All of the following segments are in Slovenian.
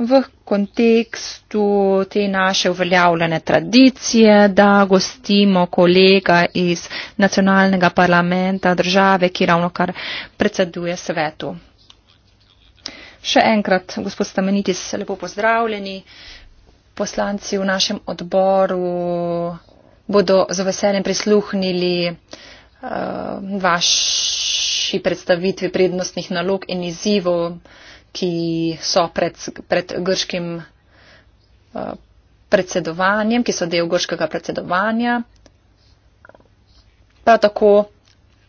v kontekstu te naše uveljavljene tradicije, da gostimo kolega iz nacionalnega parlamenta države, ki ravno kar predseduje svetu. Še enkrat, gospod Stamenitis, lepo pozdravljeni. Poslanci v našem odboru bodo z veseljem prisluhnili uh, vaši predstavitvi prednostnih nalog in izzivov ki so pred, pred grškim eh, predsedovanjem, ki so del grškega predsedovanja. Prav tako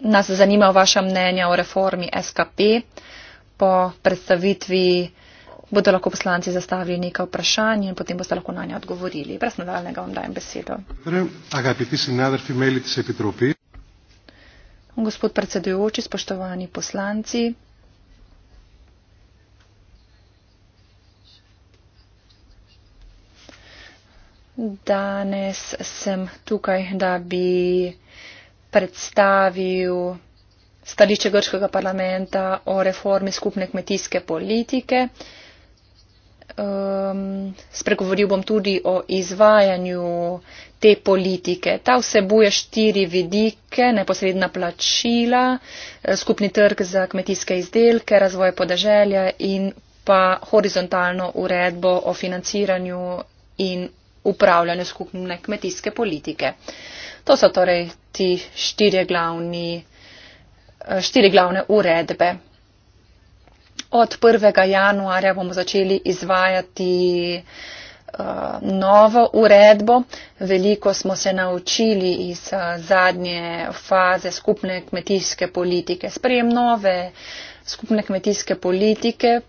nas zanima vaša mnenja o reformi SKP. Po predstavitvi bodo lahko poslanci zastavili nekaj vprašanj in potem boste lahko na nje odgovorili. Brez nadaljnega vam dajem besedo. Gospod predsedujoči, spoštovani poslanci. Danes sem tukaj, da bi predstavil stališče grškega parlamenta o reformi skupne kmetijske politike. Um, spregovoril bom tudi o izvajanju te politike. Ta vsebuje štiri vidike, neposredna plačila, eh, skupni trg za kmetijske izdelke, razvoj podeželja in pa horizontalno uredbo o financiranju in upravljanju skupne kmetijske politike. To so torej ti štiri, glavni, eh, štiri glavne uredbe. Od 1. januarja bomo začeli izvajati eh, novo uredbo. Veliko smo se naučili iz eh, zadnje faze skupne kmetijske politike. Sprejem nove skupne kmetijske politike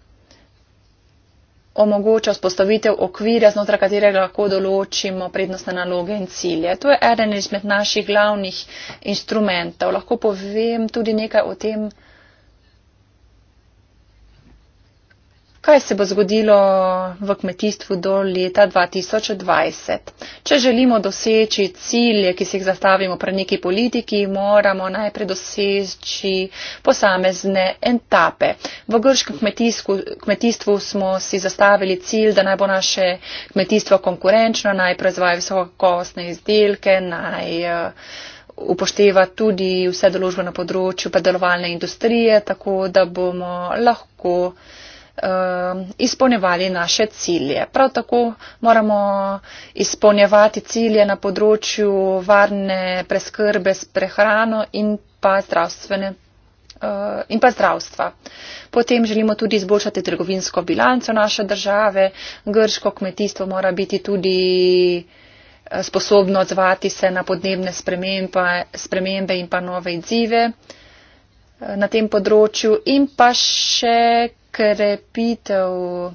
omogoča vzpostavitev okvirja, znotraj katerega lahko določimo prednostne naloge in cilje. To je eden izmed naših glavnih instrumentov. Lahko povem tudi nekaj o tem, kaj se bo zgodilo v kmetijstvu do leta 2020. Če želimo doseči cilje, ki si jih zastavimo pred neki politiki, moramo najprej doseči posamezne etape. V grškem kmetijstvu smo si zastavili cilj, da naj bo naše kmetijstvo konkurenčno, naj proizvaja visokokostne izdelke, naj eh, upošteva tudi vse določbe na področju predelovalne industrije, tako da bomo lahko Eh, izpolnjevali naše cilje. Prav tako moramo izpolnjevati cilje na področju varne preskrbe s prehrano in pa zdravstvene eh, in pa zdravstva. Potem želimo tudi izboljšati trgovinsko bilanco naše države. Grško kmetijstvo mora biti tudi eh, sposobno odzvati se na podnebne spremembe, spremembe in pa nove izzive na tem področju. In pa še krepitev uh,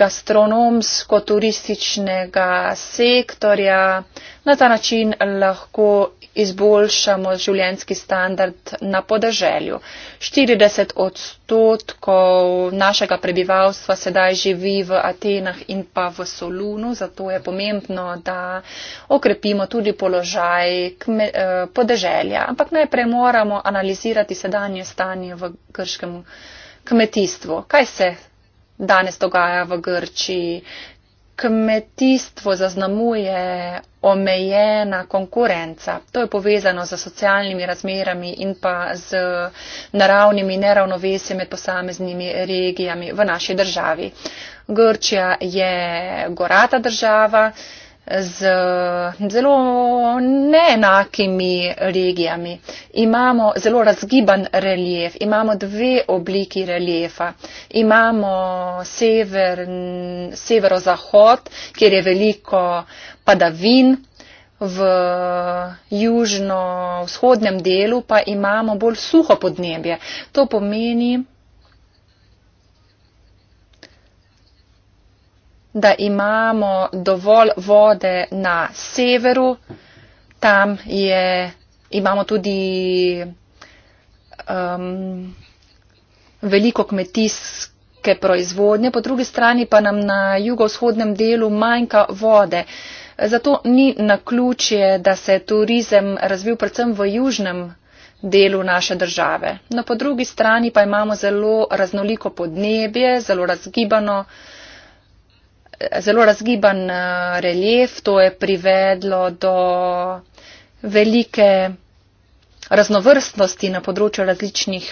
gastronomsko-turističnega sektorja. Na ta način lahko izboljšamo življenski standard na podeželju. 40 odstotkov našega prebivalstva sedaj živi v Atenah in pa v Solunu, zato je pomembno, da okrepimo tudi položaj eh, podeželja. Ampak najprej moramo analizirati sedanje stanje v grškem kmetijstvu. Kaj se danes dogaja v Grčiji, kmetijstvo zaznamuje omejena konkurenca. To je povezano z socialnimi razmerami in pa z naravnimi neravnovesji med posameznimi regijami v naši državi. Grčija je gorata država z zelo neenakimi regijami. Imamo zelo razgiban relief, imamo dve obliki reliefa. Imamo sever, severozahod, kjer je veliko padavin, v južno-vzhodnem delu pa imamo bolj suho podnebje. To pomeni, da imamo dovolj vode na severu, tam je, imamo tudi um, veliko kmetijske proizvodnje, po drugi strani pa nam na jugovzhodnem delu manjka vode. Zato ni na ključje, da se je turizem razvil predvsem v južnem delu naše države. No, po drugi strani pa imamo zelo raznoliko podnebje, zelo razgibano zelo razgiban eh, relief, to je privedlo do velike raznovrstnosti na področju različnih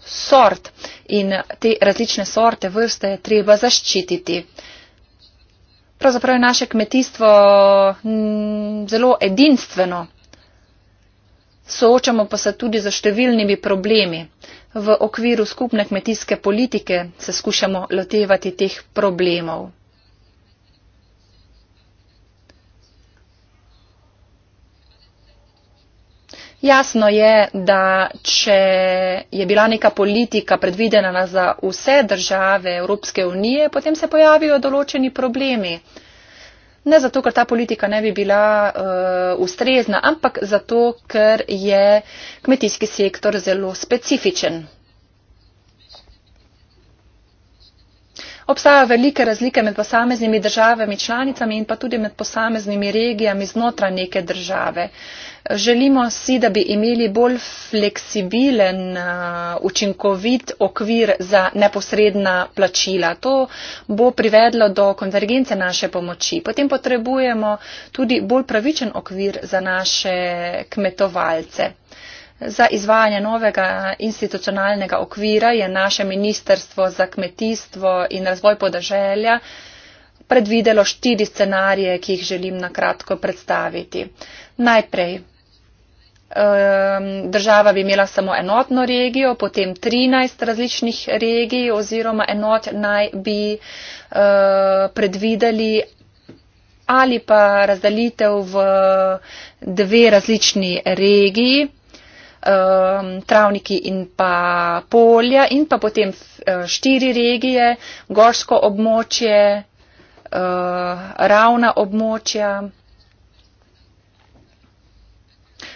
sort in te različne sorte, vrste je treba zaščititi. Pravzaprav je naše kmetijstvo zelo edinstveno. Soočamo pa se tudi za številnimi problemi. V okviru skupne kmetijske politike se skušamo lotevati teh problemov. Jasno je, da če je bila neka politika predvidena za vse države Evropske unije, potem se pojavijo določeni problemi. Ne zato, ker ta politika ne bi bila uh, ustrezna, ampak zato, ker je kmetijski sektor zelo specifičen. Obstajajo velike razlike med posameznimi državami članicami in pa tudi med posameznimi regijami znotraj neke države. Uh, želimo si, da bi imeli bolj fleksibilen, eh, učinkovit okvir za neposredna plačila. To bo privedlo do konvergence naše pomoči. Potem potrebujemo tudi bolj pravičen okvir za naše kmetovalce. Za izvajanje novega institucionalnega okvira je naše Ministrstvo za kmetijstvo in razvoj podeželja predvidelo štiri scenarije, ki jih želim na kratko predstaviti. Najprej Ehm, država bi imela samo enotno regijo, potem 13 različnih regij oziroma enot naj bi eh, predvideli ali pa razdelitev v dve različni regiji, ehm, travniki in pa polja in pa potem eh, štiri regije, gorsko območje, eh, ravna območja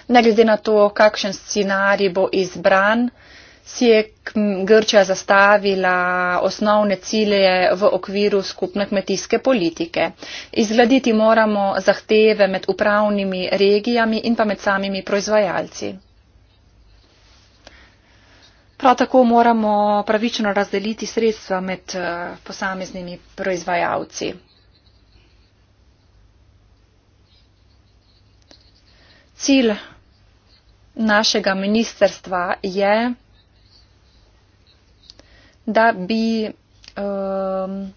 ne glede na to, kakšen scenarij bo izbran, si je Grčija zastavila osnovne cilje v okviru skupne kmetijske politike. Izgladiti moramo zahteve med upravnimi regijami in pa med samimi proizvajalci. Prav tako moramo pravično razdeliti sredstva med eh, posameznimi proizvajalci. Cilj našega ministerstva je, da bi um,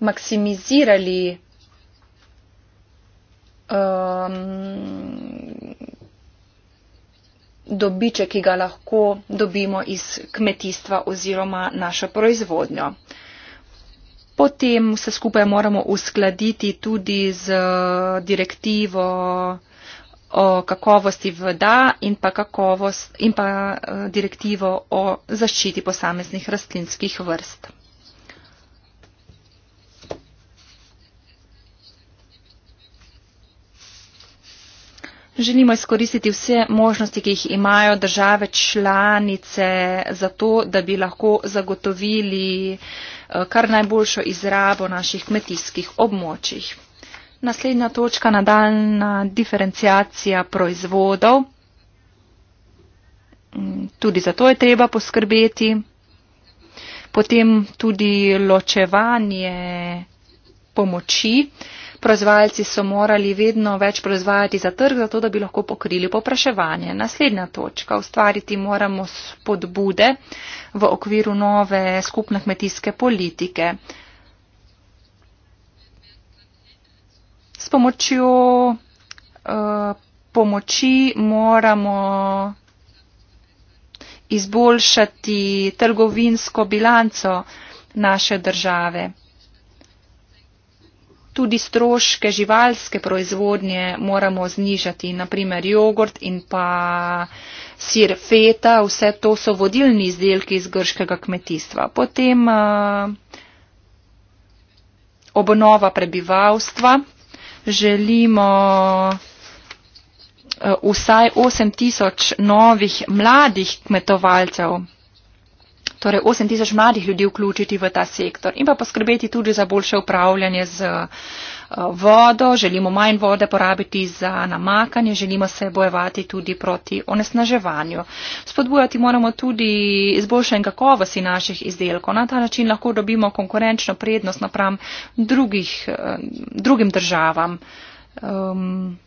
maksimizirali um, dobiček, ki ga lahko dobimo iz kmetijstva oziroma našo proizvodnjo. Potem vse skupaj moramo uskladiti tudi z eh, direktivo o kakovosti voda in pa, kakovost, in pa eh, direktivo o zaščiti posameznih rastlinskih vrst. Želimo izkoristiti vse možnosti, ki jih imajo države članice, zato da bi lahko zagotovili eh, kar najboljšo izrabo naših kmetijskih območjih. Naslednja točka, nadaljna diferencijacija proizvodov. Mm, tudi za to je treba poskrbeti. Potem tudi ločevanje pomoči proizvajalci so morali vedno več proizvajati za trg, zato da bi lahko pokrili popraševanje. Naslednja točka. Ustvariti moramo spodbude v okviru nove skupne kmetijske politike. S pomočjo uh, pomoči moramo izboljšati trgovinsko bilanco naše države tudi stroške živalske proizvodnje moramo znižati, naprimer jogurt in pa sir feta, vse to so vodilni izdelki iz grškega kmetijstva. Potem eh, obnova prebivalstva. Želimo eh, vsaj 8 tisoč novih mladih kmetovalcev torej 8 tisoč mladih ljudi vključiti v ta sektor in pa poskrbeti tudi za boljše upravljanje z eh, vodo, želimo manj vode porabiti za namakanje, želimo se bojevati tudi proti onesnaževanju. Spodbujati moramo tudi izboljšanje kakovosti naših izdelkov. Na ta način lahko dobimo konkurenčno prednost napram drugih, eh, drugim državam. Um,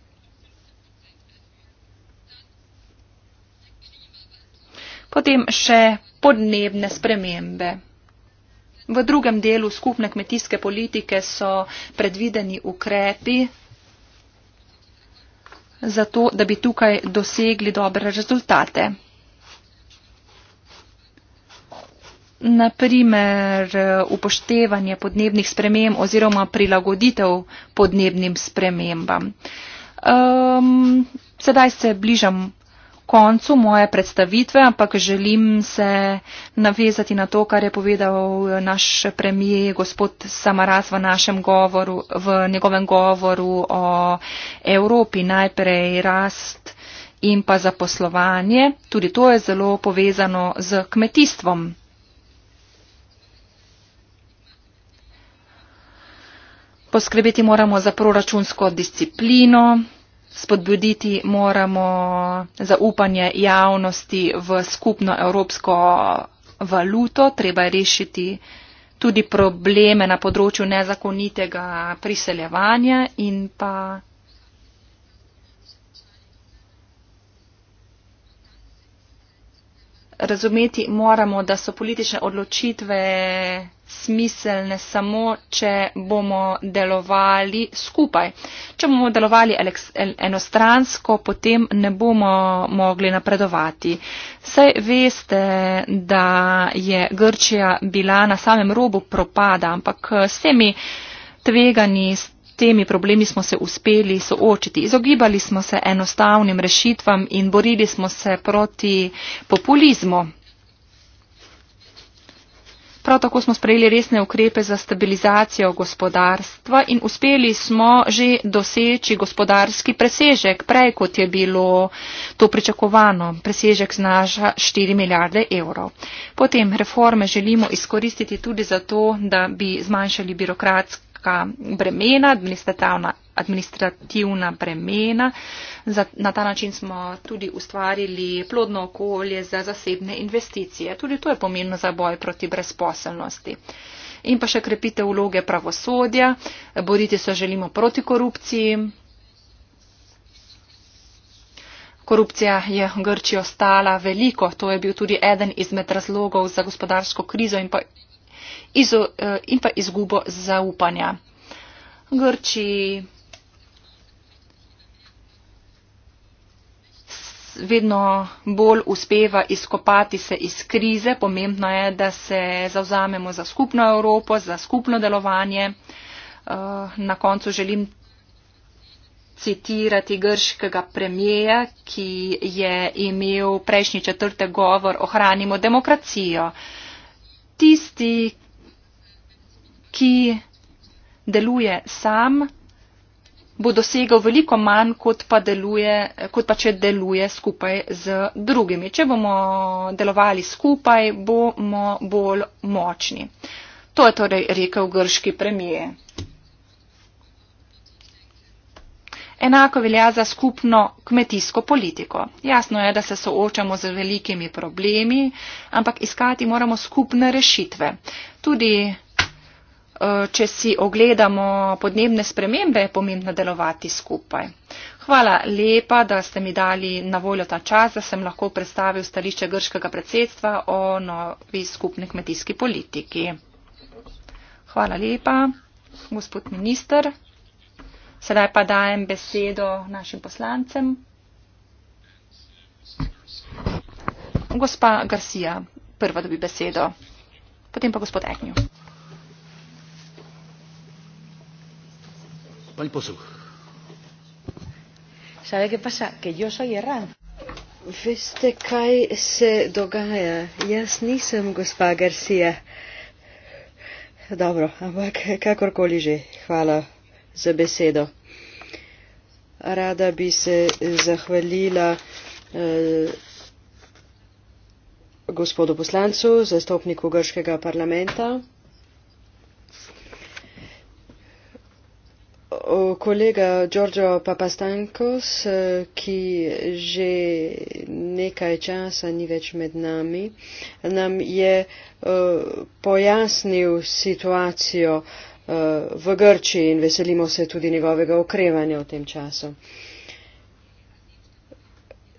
Potem še podnebne spremembe. V drugem delu skupne kmetijske politike so predvideni ukrepi za to, da bi tukaj dosegli dobre rezultate. Naprimer upoštevanje podnebnih sprememb oziroma prilagoditev podnebnim spremembam. Um, sedaj se bližam koncu moje predstavitve, ampak želim se navezati na to, kar je povedal eh, naš premije gospod Samaras v, govoru, v njegovem govoru o Evropi. Najprej rast in pa zaposlovanje. Tudi to je zelo povezano z kmetijstvom. Poskrbeti moramo za proračunsko disciplino, spodbuditi moramo zaupanje javnosti v skupno evropsko valuto, treba rešiti tudi probleme na področju nezakonitega priseljevanja in pa razumeti moramo, da so politične odločitve smiselne samo, če bomo delovali skupaj. Če bomo delovali enostransko, potem ne bomo mogli napredovati. Saj veste, da je Grčija bila na samem robu propada, ampak s temi tvegani, s temi problemi smo se uspeli soočiti. Izogibali smo se enostavnim rešitvam in borili smo se proti populizmu. Prav tako smo sprejeli resne ukrepe za stabilizacijo gospodarstva in uspeli smo že doseči gospodarski presežek, prej kot je bilo to pričakovano. Presežek znaša 4 milijarde evrov. Potem reforme želimo izkoristiti tudi zato, da bi zmanjšali birokratske neka bremena, administrativna, administrativna bremena. Za, na ta način smo tudi ustvarili plodno okolje za zasebne investicije. Tudi to je pomembno za boj proti brezposelnosti. In pa še krepite vloge pravosodja, boriti se želimo proti korupciji. Korupcija je Grčijo stala veliko, to je bil tudi eden izmed razlogov za gospodarsko krizo in pa izo, eh, in pa izgubo zaupanja. Grči vedno bolj uspeva izkopati se iz krize. Pomembno je, da se zauzamemo za skupno Evropo, za skupno delovanje. Eh, na koncu želim citirati grškega premijeja, ki je imel prejšnji četrte govor Ohranimo demokracijo. Tisti, ki deluje sam, bo dosegel veliko manj, kot pa, deluje, kot pa če deluje skupaj z drugimi. Če bomo delovali skupaj, bomo bolj močni. To je torej rekel grški premije. Enako velja za skupno kmetijsko politiko. Jasno je, da se soočamo z velikimi problemi, ampak iskati moramo skupne rešitve. Tudi Eh, če si ogledamo podnebne spremembe, je pomembno delovati skupaj. Hvala lepa, da ste mi dali na voljo ta čas, da sem lahko predstavil stališče grškega predsedstva o novi skupni kmetijski politiki. Hvala lepa, gospod minister. Sedaj pa dajem besedo našim poslancem. Gospa Garcia, prva dobi besedo, potem pa gospod Eknjo. Pani poseł. ¿Sabe qué pasa? Que yo soy Herrán. Viste kaj se dogaja. Jaz nisem gospa Garcia. Dobro, ampak kakorkoli že, hvala za besedo. Rada bi se eh, zahvalila eh, gospodu poslancu, zastopniku grškega parlamenta. au collègue Giorgio Papastankos, euh, qui j'ai né Kaichans à Nivech Mednami, nam y est pojasnil situacijo e, v Grčiji in veselimo se tudi njegovega okrevanja v tem času.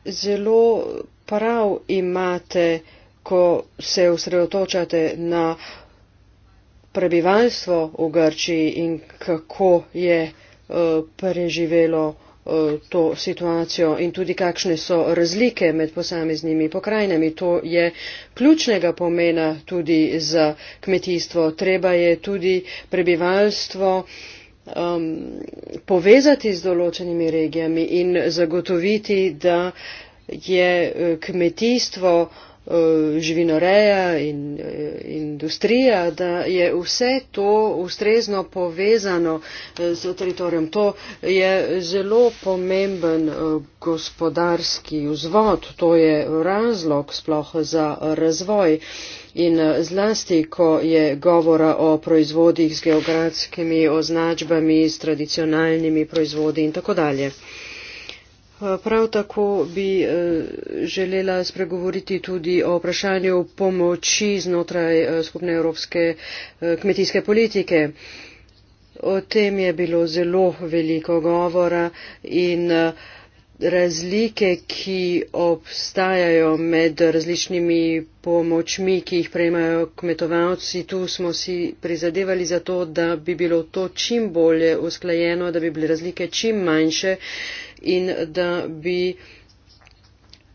Zelo prav imate, ko se osredotočate na uh, prebivalstvo v Grčiji in kako je eh, preživelo eh, to situacijo in tudi kakšne so razlike med posameznimi pokrajinami. To je ključnega pomena tudi za kmetijstvo. Treba je tudi prebivalstvo um, povezati z določenimi regijami in zagotoviti, da je eh, kmetijstvo uh, Eh, živinoreja in eh, industrija, da je vse to ustrezno povezano z eh, teritorijem. To je zelo pomemben gospodarski vzvod, to je razlog sploh za razvoj. In zlasti, ko je govora o proizvodih z geografskimi označbami, s tradicionalnimi proizvodi in tako dalje. Prav tako bi eh, želela spregovoriti tudi o vprašanju pomoči znotraj eh, skupne evropske eh, kmetijske politike. O tem je bilo zelo veliko govora in razlike, ki obstajajo med različnimi pomočmi, ki jih prejmajo kmetovalci, tu smo si prizadevali za to, da bi bilo to čim bolje usklajeno, da bi bile razlike čim manjše in da bi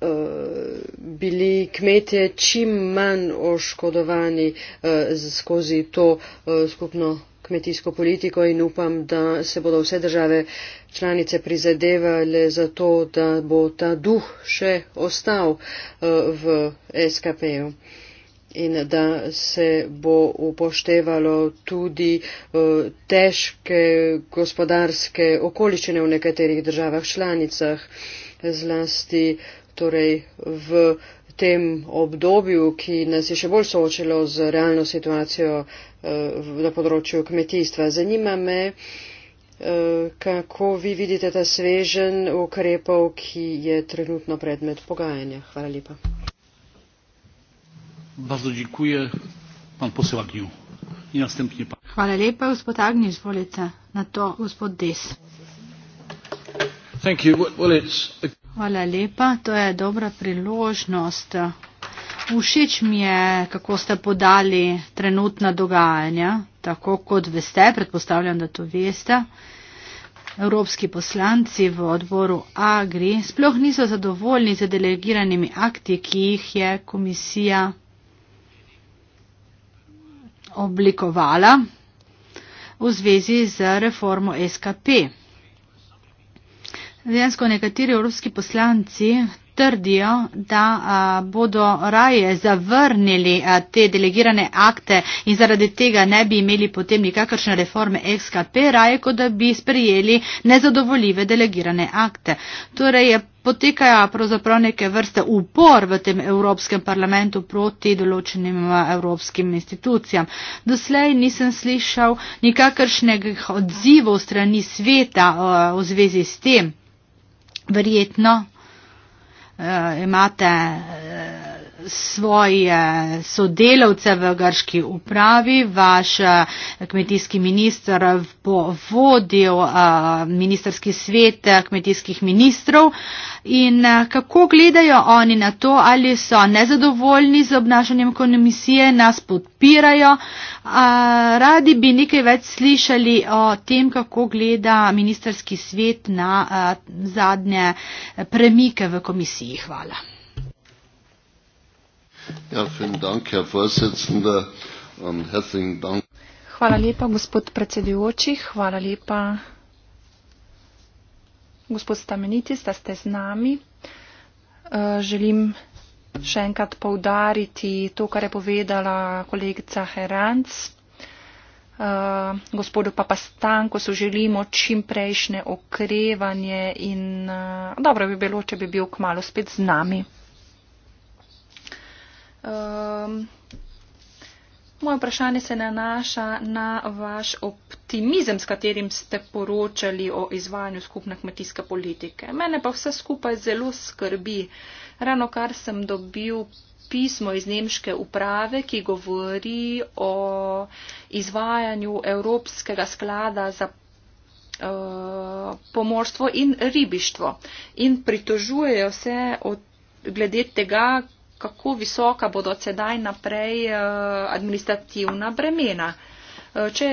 uh, bili kmete čim manj oškodovani uh, skozi to uh, skupno kmetijsko politiko in upam, da se bodo vse države članice prizadevale za to, da bo ta duh še ostal uh, v SKP-ju in da se bo upoštevalo tudi eh, težke gospodarske okoliščine v nekaterih državah članicah, zlasti torej v tem obdobju, ki nas je še bolj soočilo z realno situacijo eh, na področju kmetijstva. Zanima me, eh, kako vi vidite ta svežen ukrepov, ki je trenutno predmet pogajanja. Hvala lepa. Hvala lepa, to je dobra priložnost. Všeč mi je, kako ste podali trenutna dogajanja, tako kot veste, predpostavljam, da to veste. Evropski poslanci v odboru Agri sploh niso zadovoljni z delegiranimi akti, ki jih je komisija oblikovala v zvezi z reformo SKP. Dejansko nekateri evropski poslanci trdijo, da a, bodo raje zavrnili a, te delegirane akte in zaradi tega ne bi imeli potem nikakršne reforme SKP, raje kot da bi sprejeli nezadovoljive delegirane akte. Torej je potekajo pravzaprav neke vrste upor v tem Evropskem parlamentu proti določenim eh, evropskim institucijam. Doslej nisem slišal nikakršnih odzivov strani sveta eh, v zvezi s tem. Verjetno eh, imate svoje sodelavce v grški upravi. Vaš eh, kmetijski minister bo vodil eh, ministerski svet eh, kmetijskih ministrov. In kako gledajo oni na to, ali so nezadovoljni z obnašanjem komisije, nas podpirajo? Radi bi nekaj več slišali o tem, kako gleda ministerski svet na zadnje premike v komisiji. Hvala. Ja, vielen Dank, Herr Vorsitzender, und herzlichen Dank. Hvala lepa, gospod predsedujoči, hvala lepa, gospod Stameniti, da ste z nami. Eh, želim še enkrat poudariti to, kar je povedala kolegica Heranc. Eh, gospodu Papastanko so želimo čimprejšnje okrevanje in eh, dobro bi bilo, če bi bil kmalo spet z nami. Um, moje vprašanje se nanaša na vaš optimizem, s katerim ste poročali o izvajanju skupne kmetijske politike. Mene pa vse skupaj zelo skrbi. Rano kar sem dobil pismo iz Nemške uprave, ki govori o izvajanju Evropskega sklada za eh, pomorstvo in ribištvo in pritožujejo se od, glede tega, kako visoka bodo sedaj naprej eh, administrativna bremena če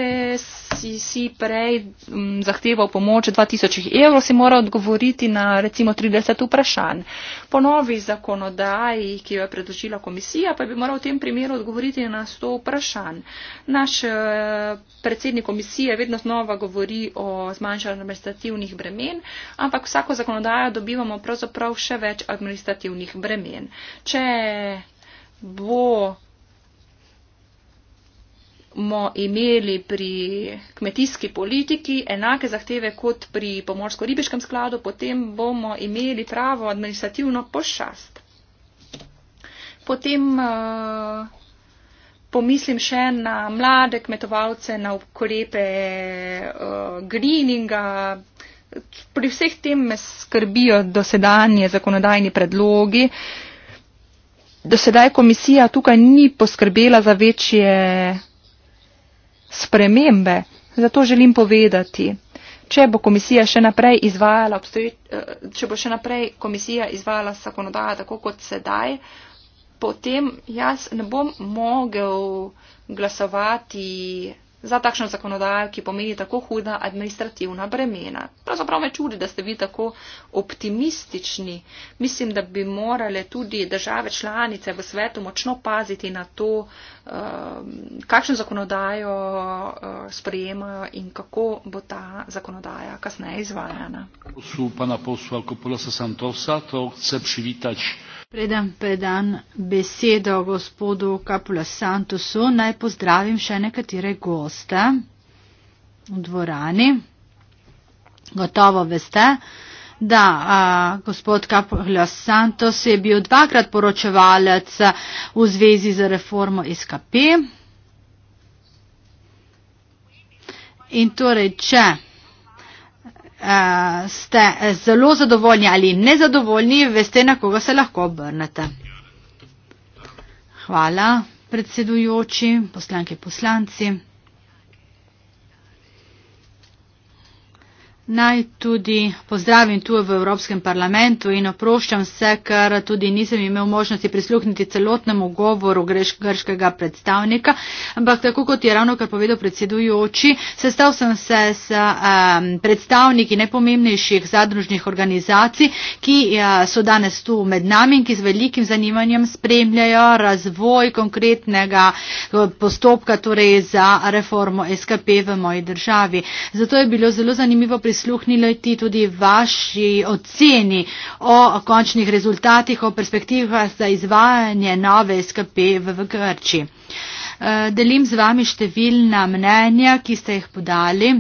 si, si prej m, zahteval pomoč 2000 evrov, si mora odgovoriti na recimo 30 vprašanj. Po novi zakonodaji, ki jo je predložila komisija, pa bi moral v tem primeru odgovoriti na 100 vprašanj. Naš e, predsednik komisije vedno znova govori o zmanjšanju administrativnih bremen, ampak vsako zakonodajo dobivamo pravzaprav še več administrativnih bremen. Če bo bomo imeli pri kmetijski politiki enake zahteve kot pri pomorsko-ribiškem skladu, potem bomo imeli pravo administrativno pošast. Potem uh, pomislim še na mlade kmetovalce, na ukrepe uh, greeninga. Pri vseh tem me skrbijo dosedanje zakonodajni predlogi. Dosedaj komisija tukaj ni poskrbela za večje spremembe. Zato želim povedati, če bo komisija še naprej izvajala, eh, če bo še naprej komisija izvajala zakonodajo tako kot sedaj, potem jaz ne bom mogel glasovati za takšno zakonodajo, ki pomeni tako huda administrativna bremena. Pravzaprav me čudi, da ste vi tako optimistični. Mislim, da bi morale tudi države članice v svetu močno paziti na to, um, kakšno zakonodajo uh, sprejemajo in kako bo ta zakonodaja kasneje izvajana. Posu, pana, posu, Predam predan besedo gospodu Kapula Santosu, naj pozdravim še nekatere gosta v dvorani. Gotovo veste, da a, gospod Kapula Santos je bil dvakrat poročevalec v zvezi z reformo SKP. In torej, če uh, ste zelo zadovoljni ali nezadovoljni, veste, na koga se lahko obrnete. Hvala, predsedujoči, poslanke, poslanci. Naj tudi pozdravim tu v Evropskem parlamentu in oproščam se, ker tudi nisem imel možnosti prisluhniti celotnemu govoru grškega predstavnika, ampak tako kot je ravno kar povedal predsedujoči, sestav sem se s um, predstavniki najpomembnejših zadružnih organizacij, ki uh, so danes tu med nami in ki z velikim zanimanjem spremljajo razvoj konkretnega eh, postopka torej za reformo SKP v moji državi prisluhnili ti tudi vaši oceni o končnih rezultatih, o perspektivah za izvajanje nove SKP v, v Grči. Eh, delim z vami številna mnenja, ki ste jih podali.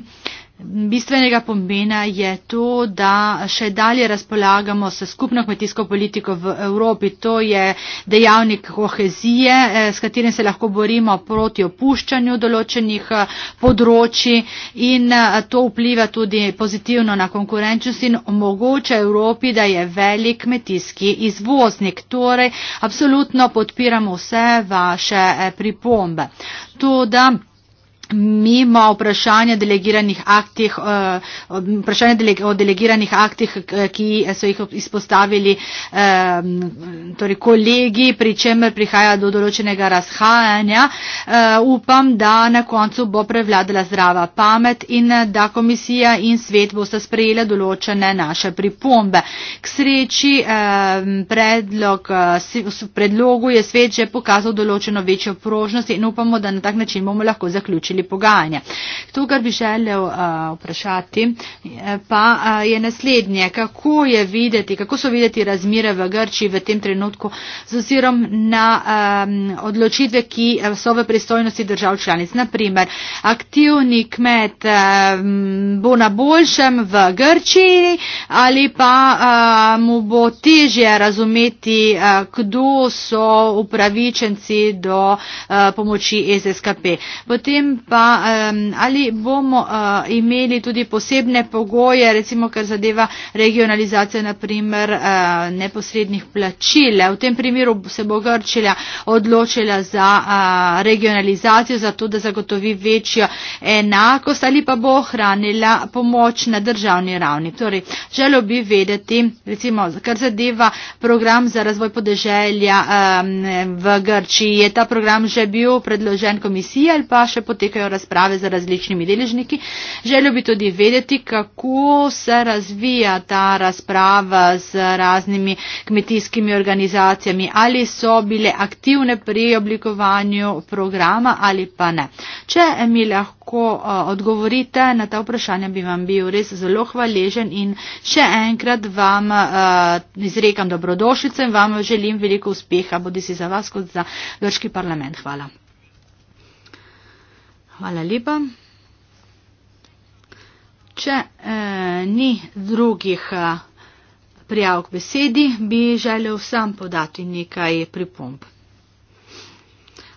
Bistvenega pomena je to, da še dalje razpolagamo s skupno kmetijsko politiko v Evropi. To je dejavnik kohezije, eh, s katerim se lahko borimo proti opuščanju določenih eh, področji in eh, to vpliva tudi pozitivno na konkurenčnost in omogoča Evropi, da je velik kmetijski izvoznik. Torej, absolutno podpiramo vse vaše pripombe. To, mimo vprašanja delegiranih aktih, eh, vprašanja o delegiranih aktih, ki so jih izpostavili torej kolegi, pri čemer prihaja do določenega razhajanja. Eh, upam, da na koncu bo prevladala zdrava pamet in eh, da komisija in svet bo sta sprejela določene naše pripombe. K sreči predlog, predlogu je svet že pokazal določeno večjo prožnost in upamo, da na tak način bomo lahko zaključili pogajanja. To, kar bi želel eh, vprašati, eh, pa eh, je naslednje. Kako, je videti, kako so videti razmire v Grčiji v tem trenutku z ozirom na odločitve, ki so v pristojnosti držav članic? Naprimer, aktivni kmet bo na boljšem v Grčiji ali pa mu bo težje razumeti, kdo so upravičenci do pomoči SSKP. Potem pa um, ali bomo uh, imeli tudi posebne pogoje, recimo kar zadeva regionalizacijo naprimer uh, eh, neposrednih plačil. V tem primeru se bo Grčila odločila za uh, regionalizacijo, zato da zagotovi večjo enakost ali pa bo ohranila pomoč na državni ravni. Torej, želel bi vedeti, recimo, kar zadeva program za razvoj podeželja um, v Grčiji. Je ta program že bil predložen komisiji ali pa še poteka? potekajo razprave z različnimi deležniki. Želel bi tudi vedeti, kako se razvija ta razprava z raznimi kmetijskimi organizacijami, ali so bile aktivne pri oblikovanju programa ali pa ne. Če mi lahko eh, odgovorite na ta vprašanja, bi vam bil res zelo hvaležen in še enkrat vam eh, izrekam dobrodošljico in vam želim veliko uspeha, bodi si za vas kot za grški parlament. Hvala. Hvala lepa. Če eh, ni drugih eh, prijav k besedi, bi želel sam podati nekaj pripomb.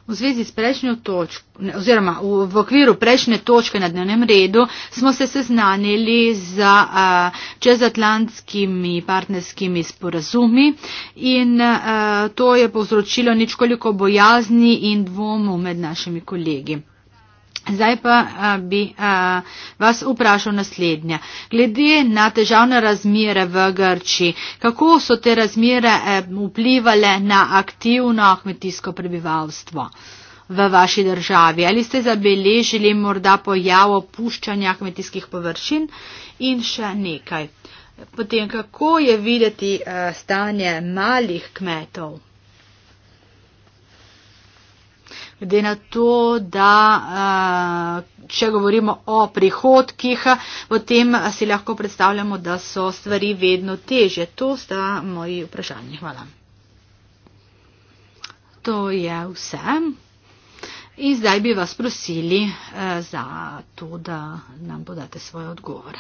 V zvezi s prejšnjo točko, oziroma v, v okviru prejšnje točke na dnevnem redu, smo se seznanili z eh, čezatlantskimi partnerskimi sporazumi in a, eh, to je povzročilo ničkoliko bojazni in dvomov med našimi kolegi. Zdaj pa a, bi a, vas vprašal naslednje. Glede na težavne razmere v Grči, kako so te razmere e, vplivale na aktivno kmetijsko prebivalstvo v vaši državi? Ali ste zabeležili morda pojav opuščanja kmetijskih površin in še nekaj? Potem, kako je videti a, stanje malih kmetov? glede na to, da eh, če govorimo o prihodkih, potem si lahko predstavljamo, da so stvari vedno teže. To sta moji vprašanji. Hvala. To je vse. In zdaj bi vas prosili eh, za to, da nam podate svoj odgovor.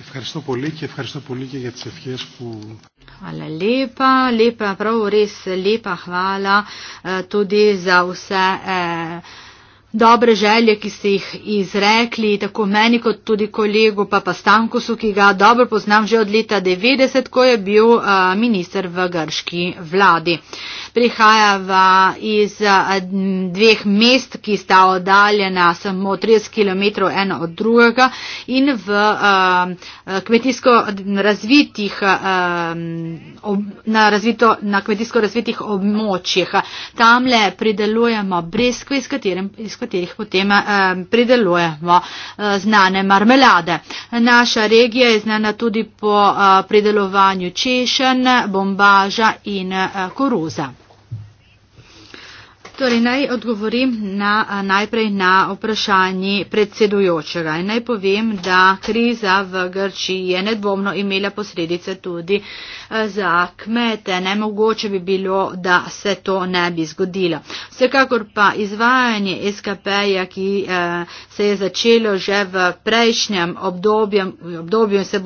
Ευχαριστώ πολύ και ευχαριστώ πολύ και για τις ευχές που Hvala lepa, lepa, prav res lepa hvala eh, tudi za vse. Eh, dobre želje, ki ste jih izrekli, tako meni kot tudi kolegu Papa Stankosu, ki ga dobro poznam že od leta 90, ko je bil minister v grški vladi. Prihajava iz dveh mest, ki sta oddaljena samo 30 km eno od drugega in v kmetijsko razvitih, na, razvito, na kmetijsko razvitih območjih. Tamle pridelujemo breskve, iz katerem, iz katerem katerih potem eh, pridelujemo eh, znane marmelade. Naša regija je znana tudi po eh, pridelovanju češen, bombaža in eh, koruza. Torej, naj odgovorim na, najprej na vprašanje predsedujočega. Naj povem, da kriza v Grčiji je nedvomno imela posledice tudi za kmete. Nemogoče bi bilo, da se to ne bi zgodilo. Vsekakor pa izvajanje SKP-ja, ki se je začelo že v prejšnjem obdobju, obdobju in, se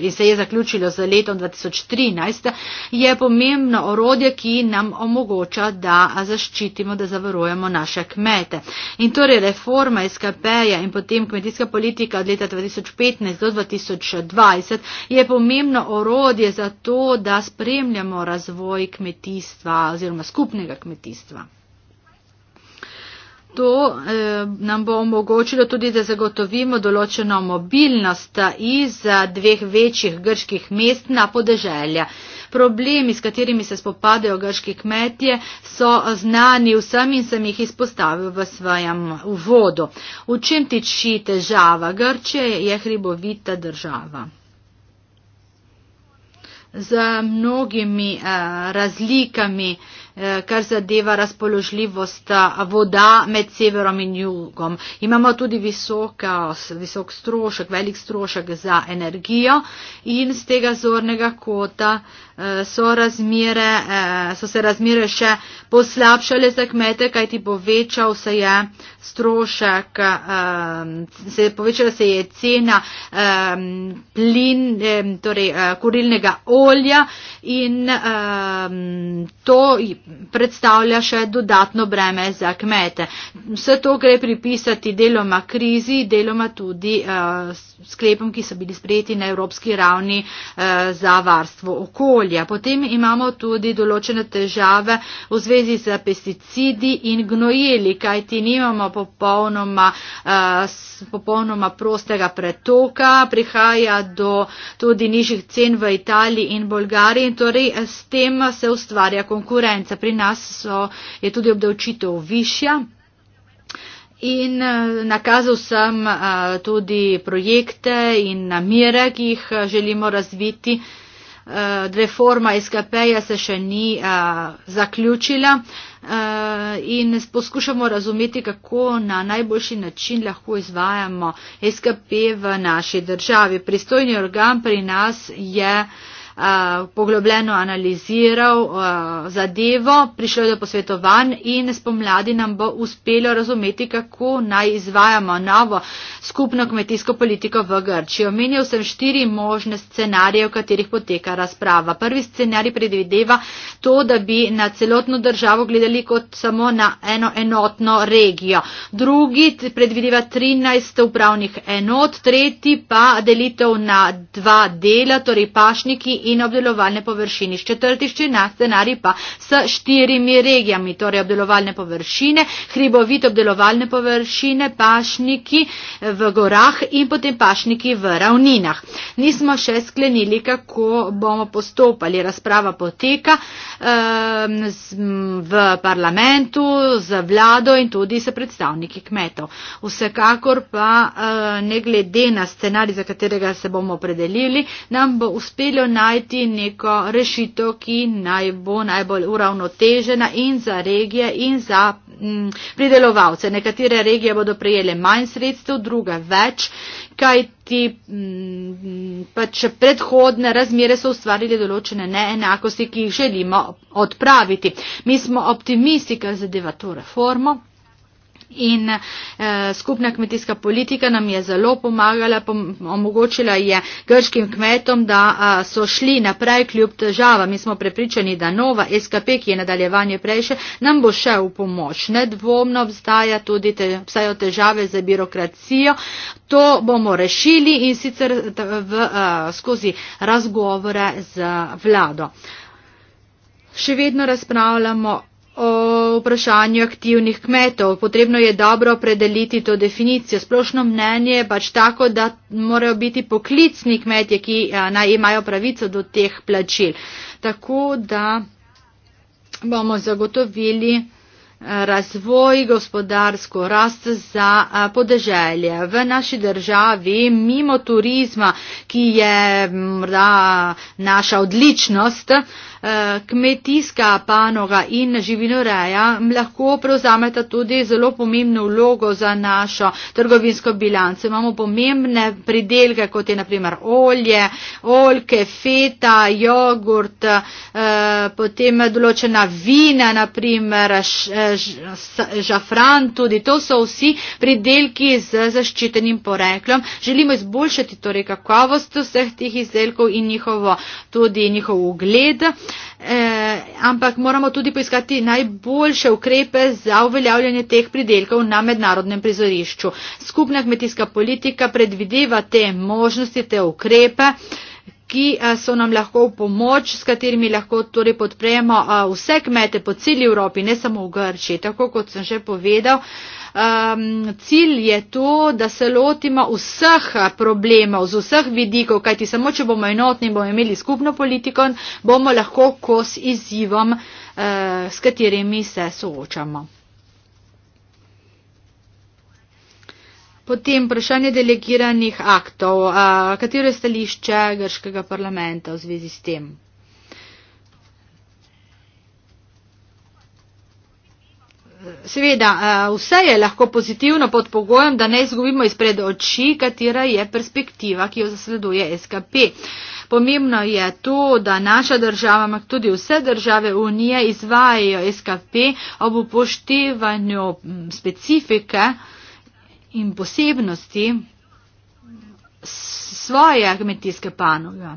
in se je zaključilo z letom 2013, je pomembno orodje, ki nam omogoča, da zaščitimo zaščitimo, da zavarujemo naše kmete. In torej reforma SKP-ja in potem kmetijska politika od leta 2015 do 2020 je pomembno orodje za to, da spremljamo razvoj kmetijstva oziroma skupnega kmetijstva. To eh, nam bo omogočilo tudi, da zagotovimo določeno mobilnost iz eh, dveh večjih grških mest na podeželje. Eh, Problemi, s katerimi se spopadajo grški kmetje, so znani vsem in sem jih izpostavil v svojem uvodu. V čem tiči težava? Grče je hribovita država. Z mnogimi eh, razlikami, eh, kar zadeva razpoložljivost eh, voda med severom in jugom. Imamo tudi visoka, visok strošek, velik strošek za energijo in z tega zornega kota eh, Eh, so, razmire, eh, so se razmire še poslabšale za kmete, kajti povečal se je strošek, eh, se, povečala se je cena plin, torej kurilnega olja in to predstavlja še dodatno breme za kmete. Vse to gre pripisati deloma krizi, deloma tudi sklepom, ki so bili sprejeti na evropski ravni za varstvo okolja okolja. Potem imamo tudi določene težave v zvezi z pesticidi in gnojili, kajti nimamo popolnoma, uh, popolnoma prostega pretoka, prihaja do tudi nižjih cen v Italiji in Bolgariji in torej eh, s tem se ustvarja konkurenca. Pri nas so, je tudi obdavčitev višja. In eh, nakazal sem tudi projekte in namere, ki jih želimo razviti reforma eh, SKP-ja se še ni a, eh, zaključila a, eh, in poskušamo razumeti, kako na najboljši način lahko izvajamo SKP v naši državi. Pristojni organ pri nas je a, poglobljeno analiziral zadevo, prišlo je do posvetovanj in spomladi nam bo uspelo razumeti, kako naj izvajamo novo skupno kmetijsko politiko v Grčiji. Omenil sem štiri možne scenarije, v katerih poteka razprava. Prvi scenarij predvideva to, da bi na celotno državo gledali kot samo na eno enotno regijo. Drugi predvideva 13 upravnih enot, tretji pa delitev na dva dela, torej pašniki in in obdelovalne površine. Četrtišče na scenarij pa s štirimi regijami, torej obdelovalne površine, hribovit obdelovalne površine, pašniki v gorah in potem pašniki v ravninah. Nismo še sklenili, kako bomo postopali. Razprava poteka um, z, m, v parlamentu, z vlado in tudi s predstavniki kmetov. Vsekakor pa uh, ne glede na scenarij, za katerega se bomo opredelili, nam bo uspelo naj najti neko rešitev, ki naj bo najbolj uravnotežena in za regije in za m, mm, pridelovalce. Nekatere regije bodo prejele manj sredstev, druga več, kaj ti mm, pač predhodne razmere so ustvarili določene neenakosti, ki jih želimo odpraviti. Mi smo optimisti, kar zadeva to reformo. In e, skupna kmetijska politika nam je zelo pomagala, pom omogočila je grškim kmetom, da a, so šli naprej kljub težavam. Mi smo prepričani, da nova SKP, ki je nadaljevanje prejše, nam bo še v pomoč. Nedvomno obstaja tudi te obstajajo težave za birokracijo. To bomo rešili in sicer v, a, skozi razgovore z vlado. Še vedno razpravljamo O vprašanju aktivnih kmetov. Potrebno je dobro opredeliti to definicijo. Splošno mnenje je pač tako, da morajo biti poklicni kmetje, ki naj imajo pravico do teh plačil. Tako da bomo zagotovili razvoj, gospodarsko rast za podeželje. V naši državi, mimo turizma, ki je morda naša odličnost, Eh, kmetijska panoga in živinoreja lahko prevzameta tudi zelo pomembno vlogo za našo trgovinsko bilanco. Imamo pomembne pridelke, kot je naprimer olje, olke, feta, jogurt, eh, potem določena vina, naprimer eh, žafran tudi. To so vsi pridelki z zaščitenim poreklom. Želimo izboljšati torej kakovost vseh tih izdelkov in njihovo, tudi njihov ugled. Eh, ampak moramo tudi poiskati najboljše ukrepe za uveljavljanje teh pridelkov na mednarodnem prizorišču. Skupna kmetijska politika predvideva te možnosti, te ukrepe. Eh, ki eh, so nam lahko v pomoč, s katerimi lahko torej podpremo eh, vse kmete po celi Evropi, ne samo v Grči, tako kot sem že povedal. Um, cilj je to, da se lotimo vseh problemov, z vseh vidikov, kajti samo če bomo enotni in bomo imeli skupno politiko, bomo lahko kos izzivom, uh, s katerimi se soočamo. Potem vprašanje delegiranih aktov. Katero je stališče grškega parlamenta v zvezi s tem? Seveda, vse je lahko pozitivno pod pogojem, da ne izgubimo izpred oči, katera je perspektiva, ki jo zasleduje SKP. Pomembno je to, da naša država, ampak tudi vse države Unije izvajajo SKP ob upoštevanju specifike in posebnosti svoje kmetijske panoge.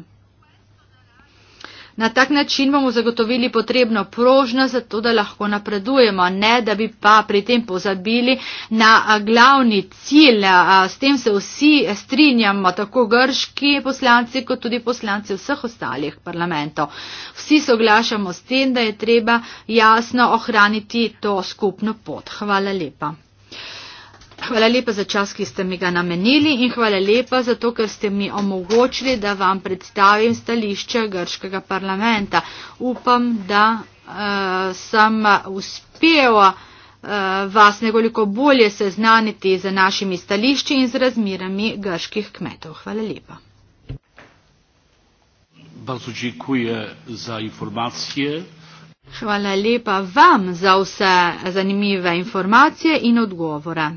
Na tak način bomo zagotovili potrebno prožnost, zato da lahko napredujemo, ne da bi pa pri tem pozabili na glavni cilj. S tem se vsi strinjamo, tako grški poslanci, kot tudi poslanci vseh ostalih parlamentov. Vsi soglašamo s tem, da je treba jasno ohraniti to skupno pot. Hvala lepa. Hvala lepa za čas, ki ste mi ga namenili in hvala lepa za to, ker ste mi omogočili, da vam predstavim stališče grškega parlamenta. Upam, da uh, sem uspela uh, eh, vas nekoliko bolje seznaniti z našimi stališči in z razmirami grških kmetov. Hvala lepa. Hvala lepa vam za vse zanimive informacije in odgovore.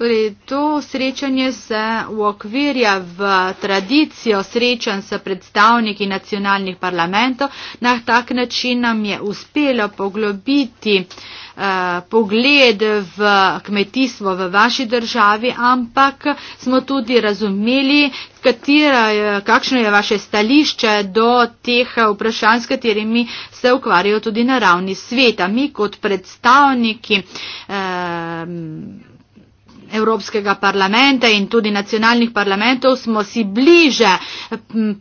Torej, to srečanje se uokvirja v tradicijo srečanj s predstavniki nacionalnih parlamentov. Na tak način nam je uspelo poglobiti eh, pogled v kmetijstvo v vaši državi, ampak smo tudi razumeli, katera, kakšno je vaše stališče do teh vprašanj, s katerimi se ukvarjajo tudi na ravni sveta. Mi kot predstavniki eh, Evropskega parlamenta in tudi nacionalnih parlamentov smo si bliže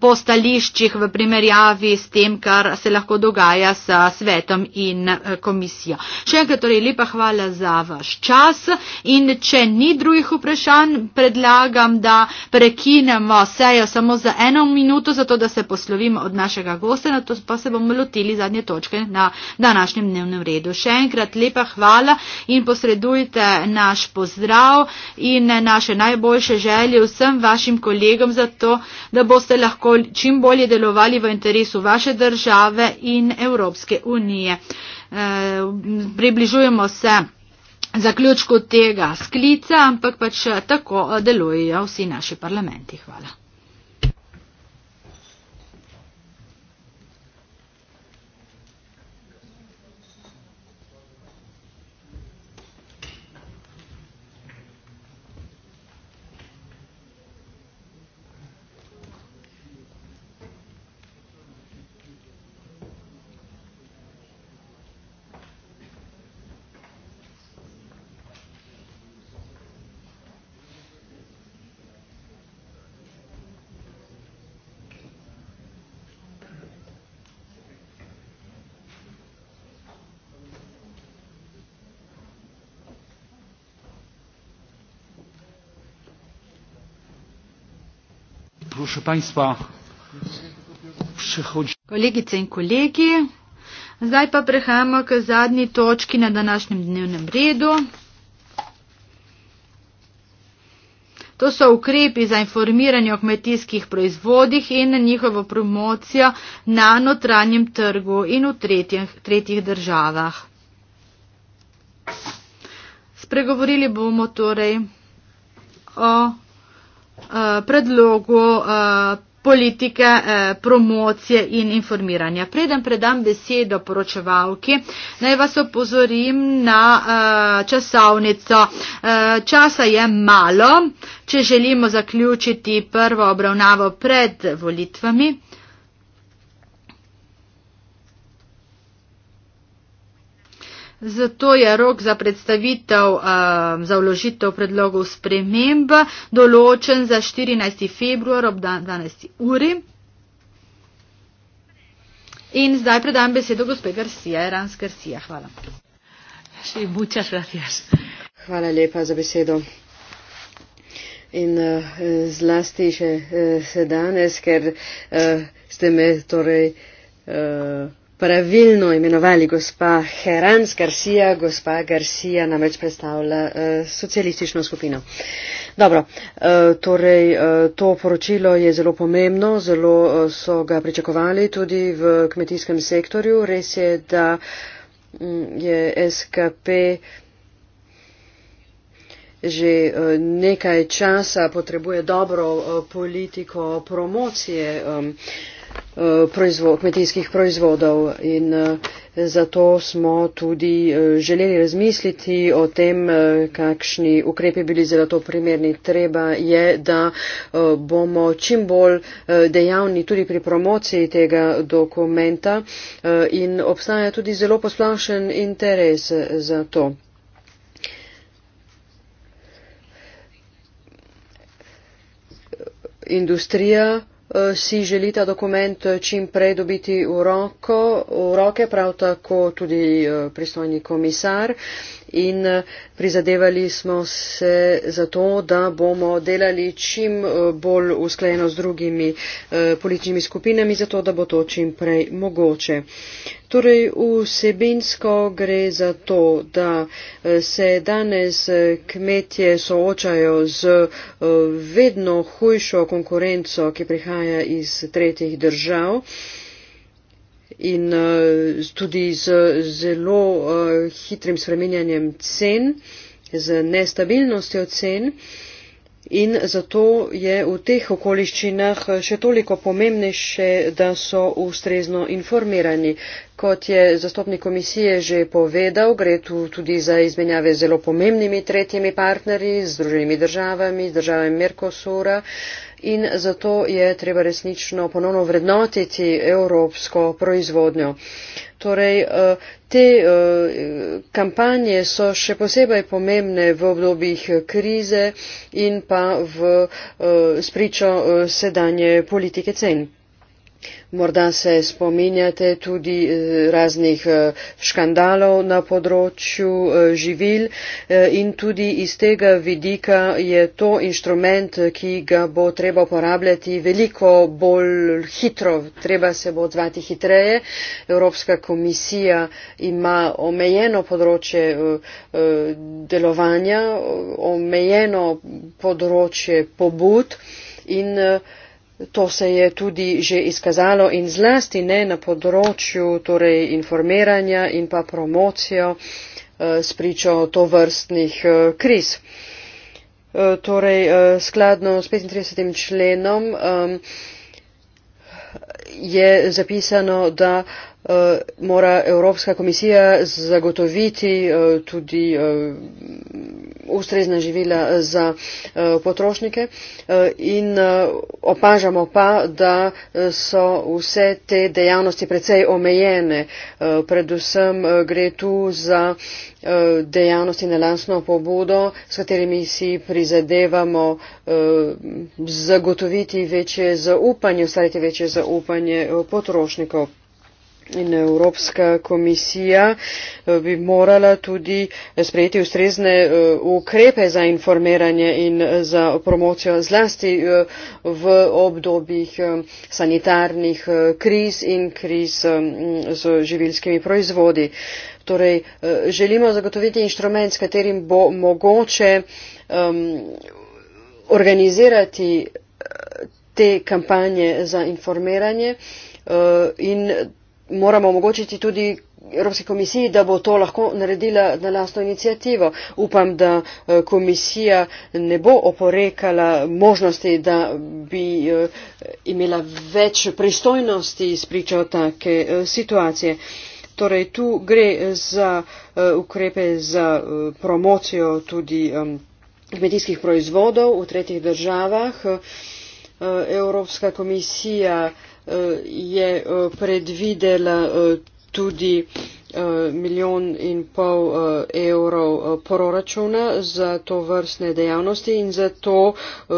po stališčih v primerjavi s tem, kar se lahko dogaja s svetom in eh, komisijo. Še enkrat torej lepa hvala za vaš čas in če ni drugih vprašanj, predlagam, da prekinemo sejo samo za eno minuto, zato da se poslovimo od našega gosta, na to pa se bomo lotili zadnje točke na današnjem dnevnem redu. Še enkrat lepa hvala in posredujte naš pozdrav prav in naše najboljše želje vsem vašim kolegom za to, da boste lahko čim bolje delovali v interesu vaše države in Evropske unije. E, približujemo se zaključku tega sklica, ampak pač tako eh, delujejo vsi naši parlamenti. Hvala. Kolegice in kolegi, zdaj pa prehajamo k zadnji točki na današnjem dnevnem redu. To so ukrepi za informiranje o kmetijskih proizvodih in njihovo promocijo na notranjem trgu in v tretjih, tretjih državah. Spregovorili bomo torej o Eh, predlogu eh, politike eh, promocije in informiranja. Preden predam besedo poročevalki, naj vas opozorim na časovnico. Časa je malo, če želimo zaključiti prvo obravnavo pred volitvami. Zato je rok za predstavitev, um, za vložitev predlogov sprememb določen za 14. februar ob 12. uri. In zdaj predam besedo gospe Garcia, Erans Garcia. Hvala. Sí, muchas gracias. Hvala lepa za besedo. In uh, zlasti še uh, se danes, ker uh, ste me torej uh, pravilno imenovali gospa Herans Garcia, gospa Garcia namreč predstavlja uh, socialistično skupino. Dobro, uh, torej uh, to poročilo je zelo pomembno, zelo uh, so ga pričakovali tudi v kmetijskem sektorju. Res je, da um, je SKP že nekaj časa potrebuje dobro politiko promocije um, uh, Eh, proizvod, kmetijskih proizvodov. In eh, zato smo tudi eh, želeli razmisliti o tem, kakšni ukrepi bili za to primerni. Treba je, da bomo čim bolj dejavni tudi pri promociji tega dokumenta in obstaja tudi zelo posplašen interes za to. Industrija Eh, si želita dokument eh, čim prej dobiti v roko, v roke, prav tako tudi eh, pristojni komisar in eh, prizadevali smo se za to, da bomo delali čim eh, bolj usklajeno z drugimi eh, političnimi skupinami, zato da bo to čim prej mogoče. Torej, vsebinsko gre za to, da se danes kmetje soočajo z vedno hujšo konkurenco, ki prihaja iz tretjih držav in uh, tudi z zelo uh, hitrim spreminjanjem cen, z nestabilnostjo cen. In zato je v teh okoliščinah eh, še toliko pomembnejše, da so ustrezno informirani. Kot je zastopnik komisije že povedal, gre tu tudi za izmenjave z zelo pomembnimi tretjimi partnerji, z druženimi državami, z državami Mercosura. Uh, in zato je treba resnično ponovno vrednotiti evropsko proizvodnjo. Torej, eh, te eh, kampanje so še posebej pomembne v obdobjih krize in pa v eh, spričo sedanje politike cen. Morda se spominjate tudi eh, raznih eh, škandalov na področju eh, živil in tudi iz tega vidika je to inštrument, ki ga bo treba uporabljati veliko bolj hitro. Treba se bo odzvati hitreje. Evropska komisija ima omejeno področje delovanja, omejeno področje pobud in To se je tudi že izkazalo in zlasti ne na področju torej, informiranja in pa promocijo eh, spričo to vrstnih eh, kriz. E, torej, eh, skladno s 35. členom eh, je zapisano, da eh, mora Evropska komisija zagotoviti eh, tudi. Eh, ustrezna živila eh, za eh, potrošnike eh, in opažamo pa, da so vse te dejavnosti precej omejene. Predvsem gre tu za dejavnosti na lansno pobudo, s katerimi si prizadevamo zagotoviti večje zaupanje, ustvariti večje zaupanje potrošnikov in Evropska komisija eh, bi morala tudi eh, sprejeti ustrezne eh, ukrepe za informiranje in za promocijo zlasti v obdobjih sanitarnih kriz in kriz z živilskimi proizvodi. Torej, želimo zagotoviti inštrument, s katerim bo mogoče um, organizirati te kampanje za informiranje uh, in moramo omogočiti tudi Evropski komisiji, da bo to lahko naredila na lastno inicijativo. Upam, da eh, komisija ne bo oporekala možnosti, da bi eh, imela več pristojnosti spričal take eh, situacije. Torej, tu gre za ukrepe za promocijo tudi kmetijskih proizvodov v tretjih državah. Evropska komisija je eh, predvidela eh, tudi eh, milijon in pol evrov proračuna za to vrstne dejavnosti in zato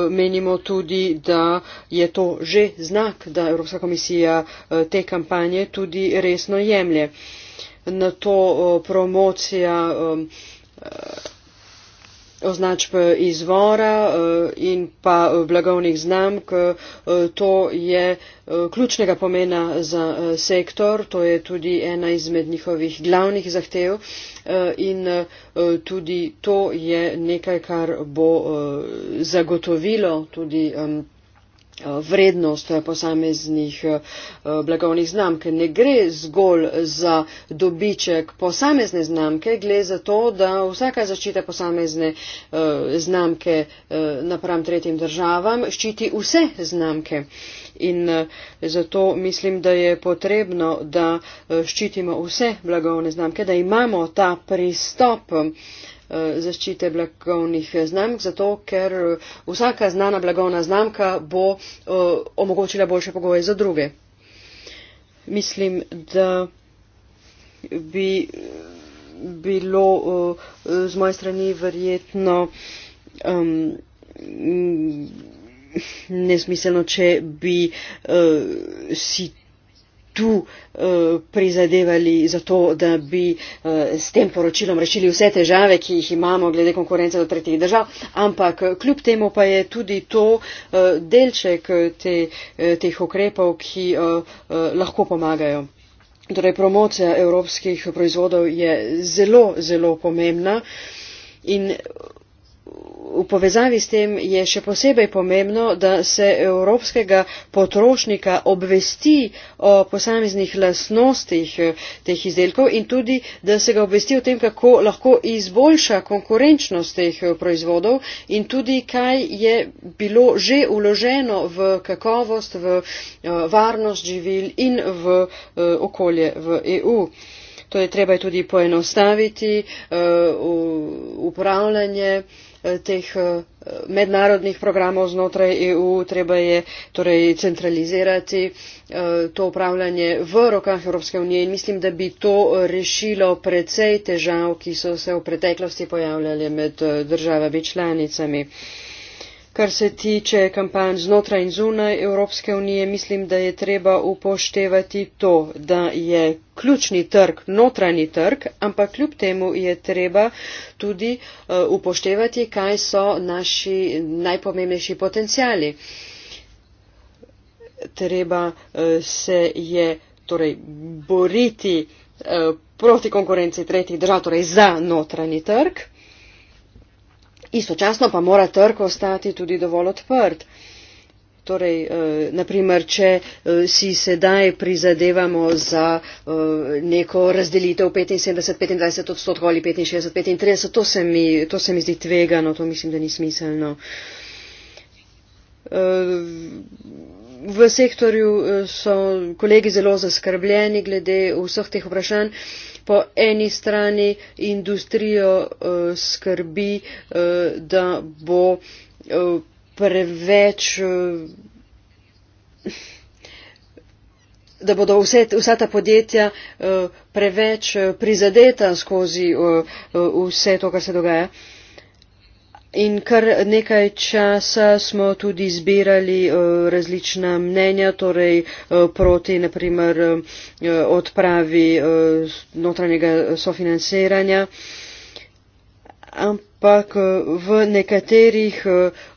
menimo tudi, da je to že znak, da Evropska komisija te kampanje tudi resno jemlje. Na to promocija označb eh, izvora eh, in pa eh, blagovnih znamk. To je ključnega pomena za sektor, to je tudi ena izmed njihovih glavnih zahtev in tudi to je nekaj, kar bo zagotovilo tudi. Eh, vrednost eh, posameznih eh, blagovnih znamk. Ne gre zgolj za dobiček posamezne znamke, gre za to, da vsaka zaščita posamezne znamke napram tretjim državam ščiti vse znamke. In zato mislim, da je potrebno, da ščitimo vse blagovne znamke, da imamo ta pristop. Eh, zaščite blagovnih znamk, zato ker vsaka znana blagovna znamka bo eh, omogočila boljše pogoje za druge. Mislim, da bi bilo eh, z moje strani verjetno um, nesmiselno, če bi uh, si tu eh, prizadevali za to, da bi eh, s tem poročilom rešili vse težave, ki jih imamo glede konkurence do tretjih držav, ampak eh, kljub temu pa je tudi to delček te, teh ukrepov, ki lahko pomagajo. Torej, promocija evropskih proizvodov je zelo, zelo pomembna. In v povezavi s tem je še posebej pomembno da se evropskega potrošnika obvesti o posameznih lastnostih eh, teh izdelkov in tudi da se ga obvesti o tem kako lahko izboljša konkurenčnost teh eh, proizvodov in tudi kaj je bilo že vloženo v kakovost v eh, varnost živil in v okolje v eu to je treba tudi poenostaviti upravljanje Eh, teh eh, mednarodnih programov znotraj EU, treba je torej centralizirati eh, to upravljanje v rokah Evropske unije in mislim, da bi to rešilo precej težav, ki so se v preteklosti pojavljali med državami članicami. Kar se tiče kampanj znotraj in zunaj Evropske unije, mislim, da je treba upoštevati to, da je ključni trg notranji trg, ampak kljub temu je treba tudi eh, upoštevati, kaj so naši najpomembnejši potencijali. Treba eh, se je torej boriti eh, proti konkurenci tretjih držav, torej za notranji trg istočasno pa mora trg ostati tudi dovolj odprt. Torej, eh, naprimer, če eh, si sedaj prizadevamo za eh, neko razdelitev 75-25 odstotkov ali 65-35, to, to se mi zdi tvegano, to mislim, da ni smiselno. Eh, v sektorju eh, so kolegi zelo zaskrbljeni glede vseh teh vprašanj po eni strani industrijo uh, skrbi, uh, da bo uh, preveč. Uh, da bodo vse, vsa ta podjetja uh, preveč uh, prizadeta skozi uh, uh, vse to, kar se dogaja. Uh, In kar nekaj časa smo tudi zbirali eh, različna mnenja, torej eh, proti naprimer eh, odpravi notranjega sofinanciranja. Ampak v nekaterih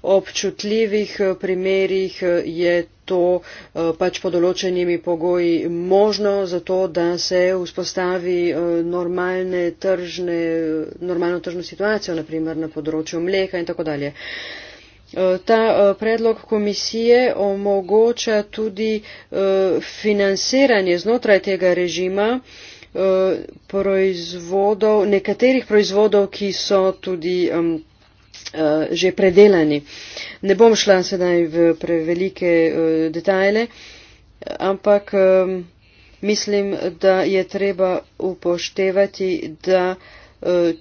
občutljivih primerjih je to eh, pač pod določenimi pogoji možno, zato da se vzpostavi eh, normalne tržne, normalno tržno situacijo, naprimer na področju mleka in tako dalje. Eh, ta predlog komisije omogoča tudi financiranje znotraj tega režima proizvodov, nekaterih proizvodov, ki so tudi um, Eh, že predelani. Ne bom šla sedaj v prevelike eh, detajle, ampak eh, mislim, da je treba upoštevati, da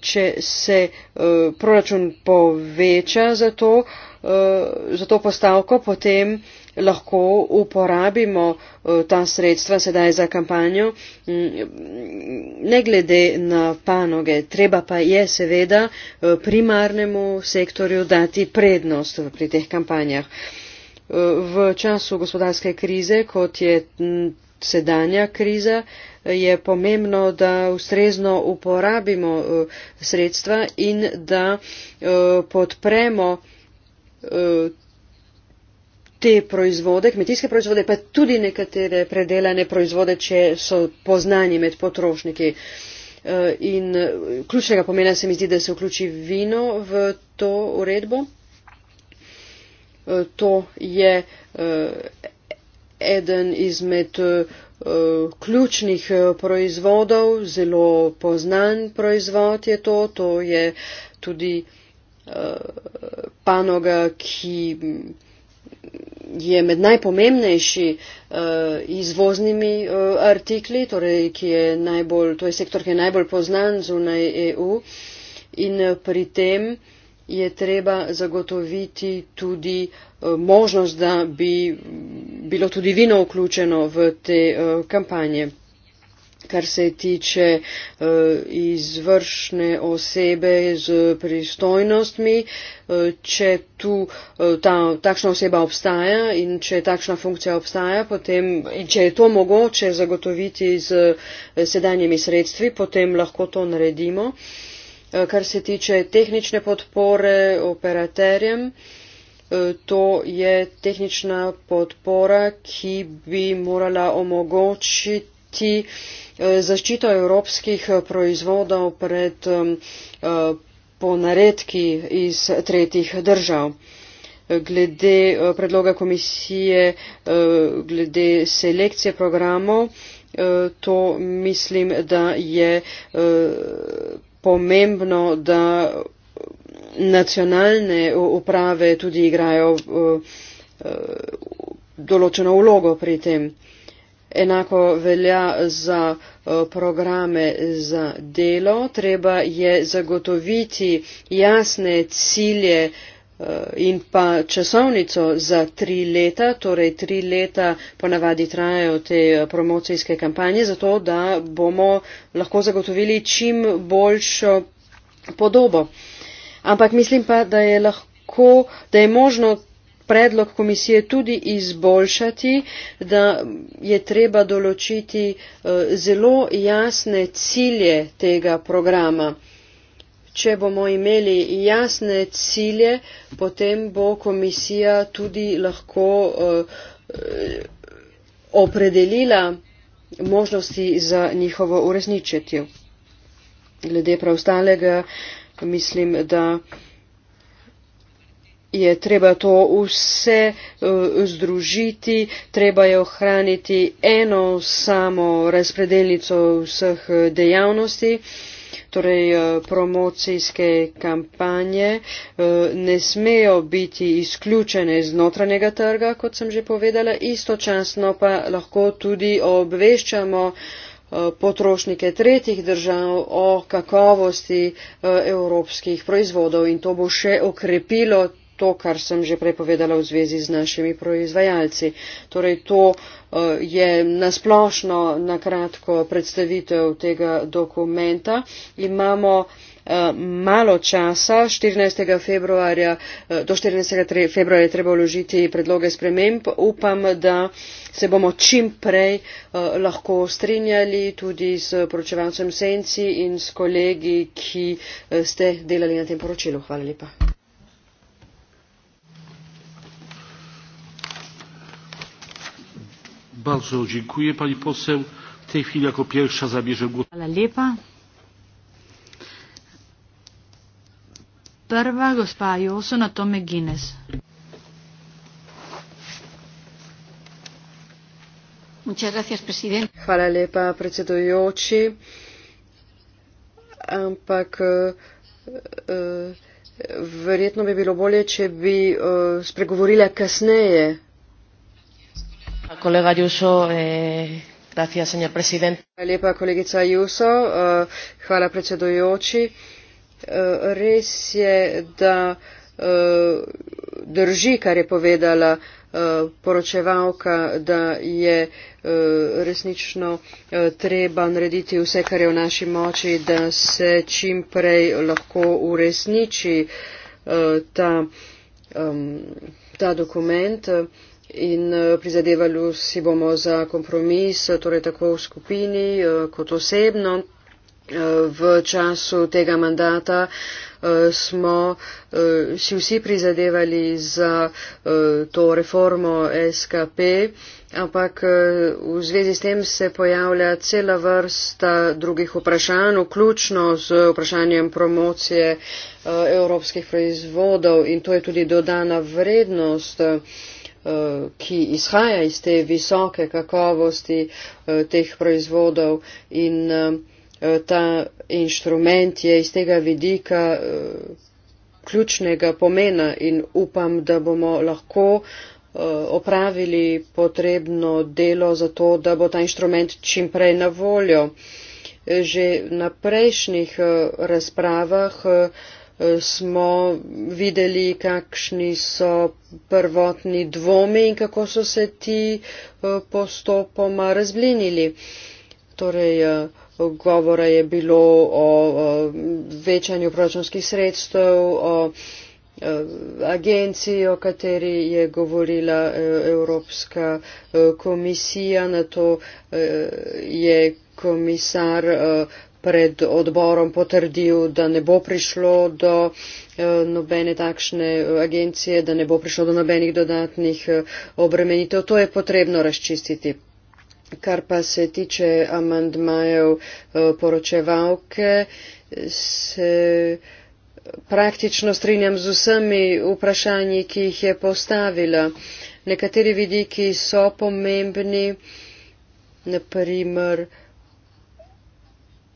če se proračun poveča za to, za to postavko, potem lahko uporabimo eh, ta sredstva sedaj za kampanjo, mm, ne glede na panoge. Treba pa je seveda eh, primarnemu sektorju dati prednost pri teh kampanjah. Eh, v času gospodarske krize, kot je mm, sedanja kriza, je pomembno, da ustrezno uporabimo sredstva in da podpremo te proizvode, kmetijske proizvode, pa tudi nekatere predelane proizvode, če so poznani med potrošniki. Eh, in eh, ključnega pomena se mi zdi, da se vključi vino v to uredbo. Eh, to je eden izmed ključnih proizvodov, zelo poznan proizvod je to. To je tudi panoga, ki je med najpomembnejši uh, izvoznimi uh, artikli, torej, ki je najbolj, to je sektor, ki je najbolj poznan zunaj EU in uh, pri tem je treba zagotoviti tudi uh, možnost, da bi bilo tudi vino vključeno v te uh, kampanje kar se tiče eh, izvršne osebe z pristojnostmi, eh, če tu eh, ta, takšna oseba obstaja in če takšna funkcija obstaja, potem, če je to mogoče zagotoviti z sedanjimi sredstvi, potem lahko to naredimo. Kar se tiče tehnične podpore operaterjem, to je tehnična podpora, ki bi morala omogočiti Eh, zaščito evropskih eh, proizvodov pred eh, ponaredki iz tretjih držav. Glede predloga komisije, glede selekcije programov, to mislim, da je pomembno, da nacionalne uprave tudi igrajo določeno vlogo pri tem. Enako velja za eh, programe za delo. Treba je zagotoviti jasne cilje eh, in pa časovnico za tri leta, torej tri leta ponavadi trajajo te eh, promocijske kampanje, zato da bomo lahko zagotovili čim boljšo podobo. Ampak mislim pa, da je lahko, da je možno predlog komisije tudi izboljšati, da je treba določiti eh, zelo jasne cilje tega programa. Če bomo imeli jasne cilje, potem bo komisija tudi lahko eh, opredelila možnosti za njihovo uresničitev. Glede preostalega mislim, da je treba to vse eh, združiti, treba je ohraniti eno samo razpredelnico vseh eh, dejavnosti, torej eh, promocijske kampanje ne smejo biti izključene z notranjega trga, kot sem že povedala, istočasno pa lahko tudi obveščamo potrošnike tretjih držav o kakovosti evropskih proizvodov in to bo še okrepilo to, kar sem že prej povedala v zvezi z našimi proizvajalci. Torej, to eh, je nasplošno na kratko predstavitev tega dokumenta. Imamo eh, malo časa, 14. februarja, eh, do 14. februarja je treba vložiti predloge sprememb. Upam, da se bomo čim prej lahko strinjali tudi s poročevalcem Senci in s kolegi, ki ste delali na tem poročilu. Hvala lepa. Bardzo dziękuję pani poseł. W tej chwili jako pierwsza zabierze głos. Hvala lepa. Prva gospa Joso na tome Guinness. Muchas gracias, presidente. Hvala lepa, predsedujoči. Ampak uh, uh, verjetno bi bilo bolje, če bi uh, spregovorila kasneje kolega Ayuso, eh, gracias, señor presidente. Hvala lepa, kolegica Ayuso, eh, hvala predsedujoči. Eh, res je, da drži, kar je povedala poročevalka, da je resnično treba narediti vse, kar je v naši moči, da se čim prej lahko uresniči ta, ta dokument in eh, prizadevali si bomo za kompromis, eh, torej tako v skupini eh, kot osebno. V času tega mandata smo si vsi prizadevali za to reformo SKP, ampak v zvezi s tem se pojavlja cela vrsta drugih vprašanj, vključno z vprašanjem promocije evropskih proizvodov in to je tudi dodana vrednost Eh, ki izhaja iz te visoke kakovosti eh, teh proizvodov in eh, ta inštrument je iz tega vidika ključnega pomena in upam, da bomo lahko opravili potrebno delo za to, da bo ta inštrument čim prej na voljo. Že na prejšnjih razpravah smo videli, kakšni so prvotni dvomi in kako so se ti eh, postopoma razblinili. Torej, eh, govora je bilo o večanju proračunskih sredstev, o eh, agenciji, o kateri je govorila Evropska komisija, na to je komisar pred odborom potrdil, da ne bo prišlo do eh, nobene takšne eh, agencije, da ne bo prišlo do nobenih dodatnih eh, obremenitev. To je potrebno razčistiti. Kar pa se tiče amandmajev poročevalke, se praktično strinjam z vsemi vprašanji, ki jih je postavila. Nekateri vidiki so pomembni, naprimer,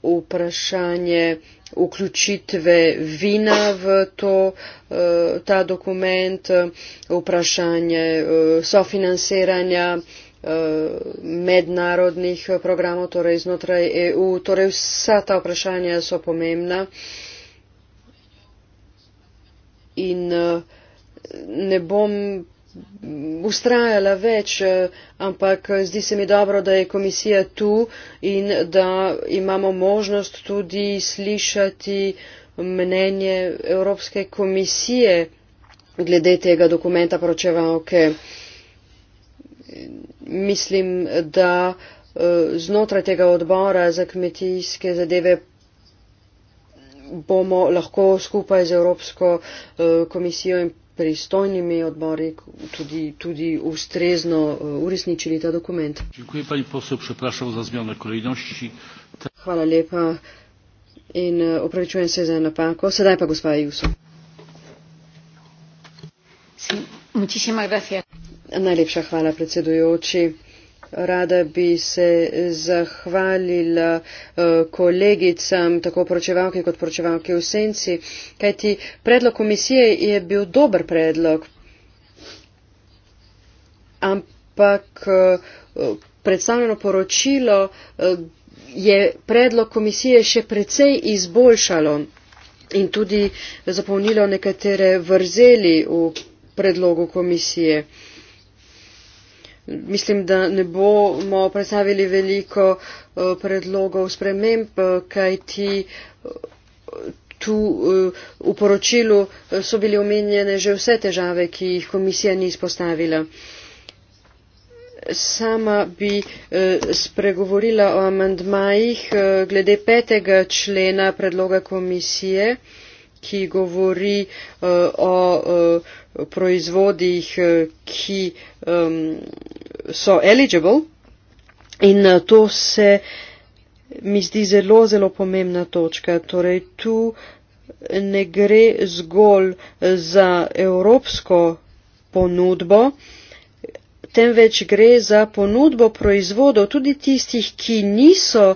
vprašanje vključitve vina v to, eh, ta dokument, vprašanje eh, sofinanciranja eh, mednarodnih programov, torej znotraj EU. Torej vsa ta vprašanja so pomembna in ne bom ustrajala več, eh, ampak eh, zdi se mi dobro, da je komisija tu in da imamo možnost tudi slišati mnenje Evropske komisije glede tega dokumenta pročevalke. Mislim, da eh, znotraj tega odbora za kmetijske zadeve bomo lahko skupaj z Evropsko komisijo in pristojnimi odbori tudi, tudi ustrezno eh, uresničili ta dokument. Hvala lepa in eh, opravičujem se za napako. Sedaj pa gospa Juso. Najlepša hvala predsedujoči. Rada bi se zahvalila eh, kolegicam, tako poročevalki kot poročevalki v senci, kajti predlog komisije je bil dober predlog, ampak eh, predstavljeno poročilo eh, je predlog komisije še precej izboljšalo in tudi zapolnilo nekatere vrzeli v predlogu komisije. Mislim, da ne bomo predstavili veliko eh, predlogov sprememb, eh, kaj ti eh, tu v poročilu so bili omenjene že vse težave, ki jih komisija ni izpostavila. Sama bi spregovorila o amandmajih glede petega člena predloga komisije, ki govori o proizvodih, eh, ki um, so eligible in eh, to se mi zdi zelo, zelo pomembna točka. Torej, tu ne gre zgolj eh, za evropsko ponudbo, temveč gre za ponudbo proizvodov tudi tistih, ki niso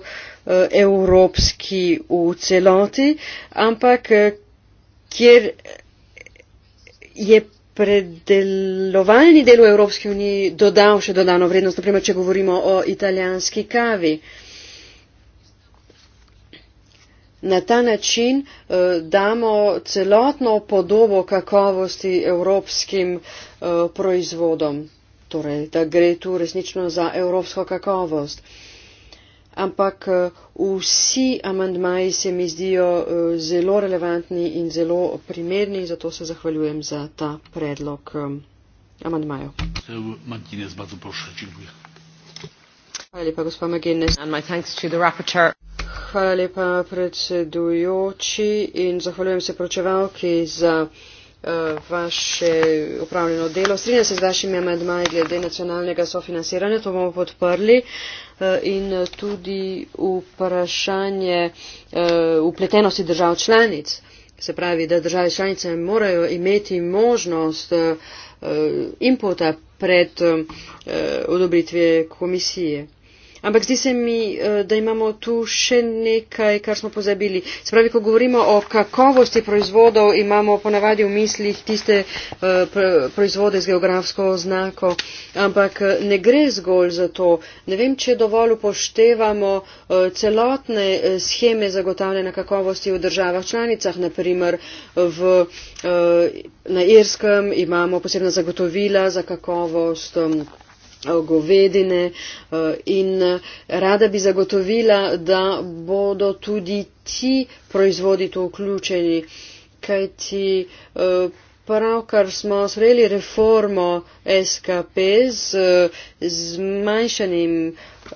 evropski v celoti, ampak kjer je predelovalni del v Evropski uniji dodal še dodano vrednost, naprimer, če govorimo o italijanski kavi. Na ta način eh, damo celotno podobo kakovosti evropskim eh, proizvodom, torej da gre tu resnično za evropsko kakovost. Eh, ampak eh, vsi amandmaji se mi zdijo eh, zelo relevantni in zelo primerni, zato se zahvaljujem za ta predlog eh, amandmajev. Hvala lepa, gospod McGinnis. Hvala lepa, predsedujoči, in zahvaljujem se pročevalki za. Eh, vaše upravljeno delo. Strinjam se z vašimi amedmaji glede nacionalnega sofinansiranja, to bomo podprli eh, in tudi vprašanje upletenosti eh, držav članic. Se pravi, da države članice morajo imeti možnost inputa pred odobritve komisije ampak zdi se mi, eh, da imamo tu še nekaj, kar smo pozabili. Spravi, ko govorimo o kakovosti proizvodov, imamo ponavadi v mislih tiste eh, proizvode z geografsko oznako, ampak eh, ne gre zgolj za to. Ne vem, če dovolj upoštevamo celotne scheme zagotavljanja kakovosti v državah članicah, naprimer v, na Irskem imamo posebna zagotovila za kakovost Eh, govedine eh, in eh, rada bi zagotovila, da bodo tudi ti proizvodi to vključeni, kajti pravkar smo sprejeli reformo SKP z zmanjšanim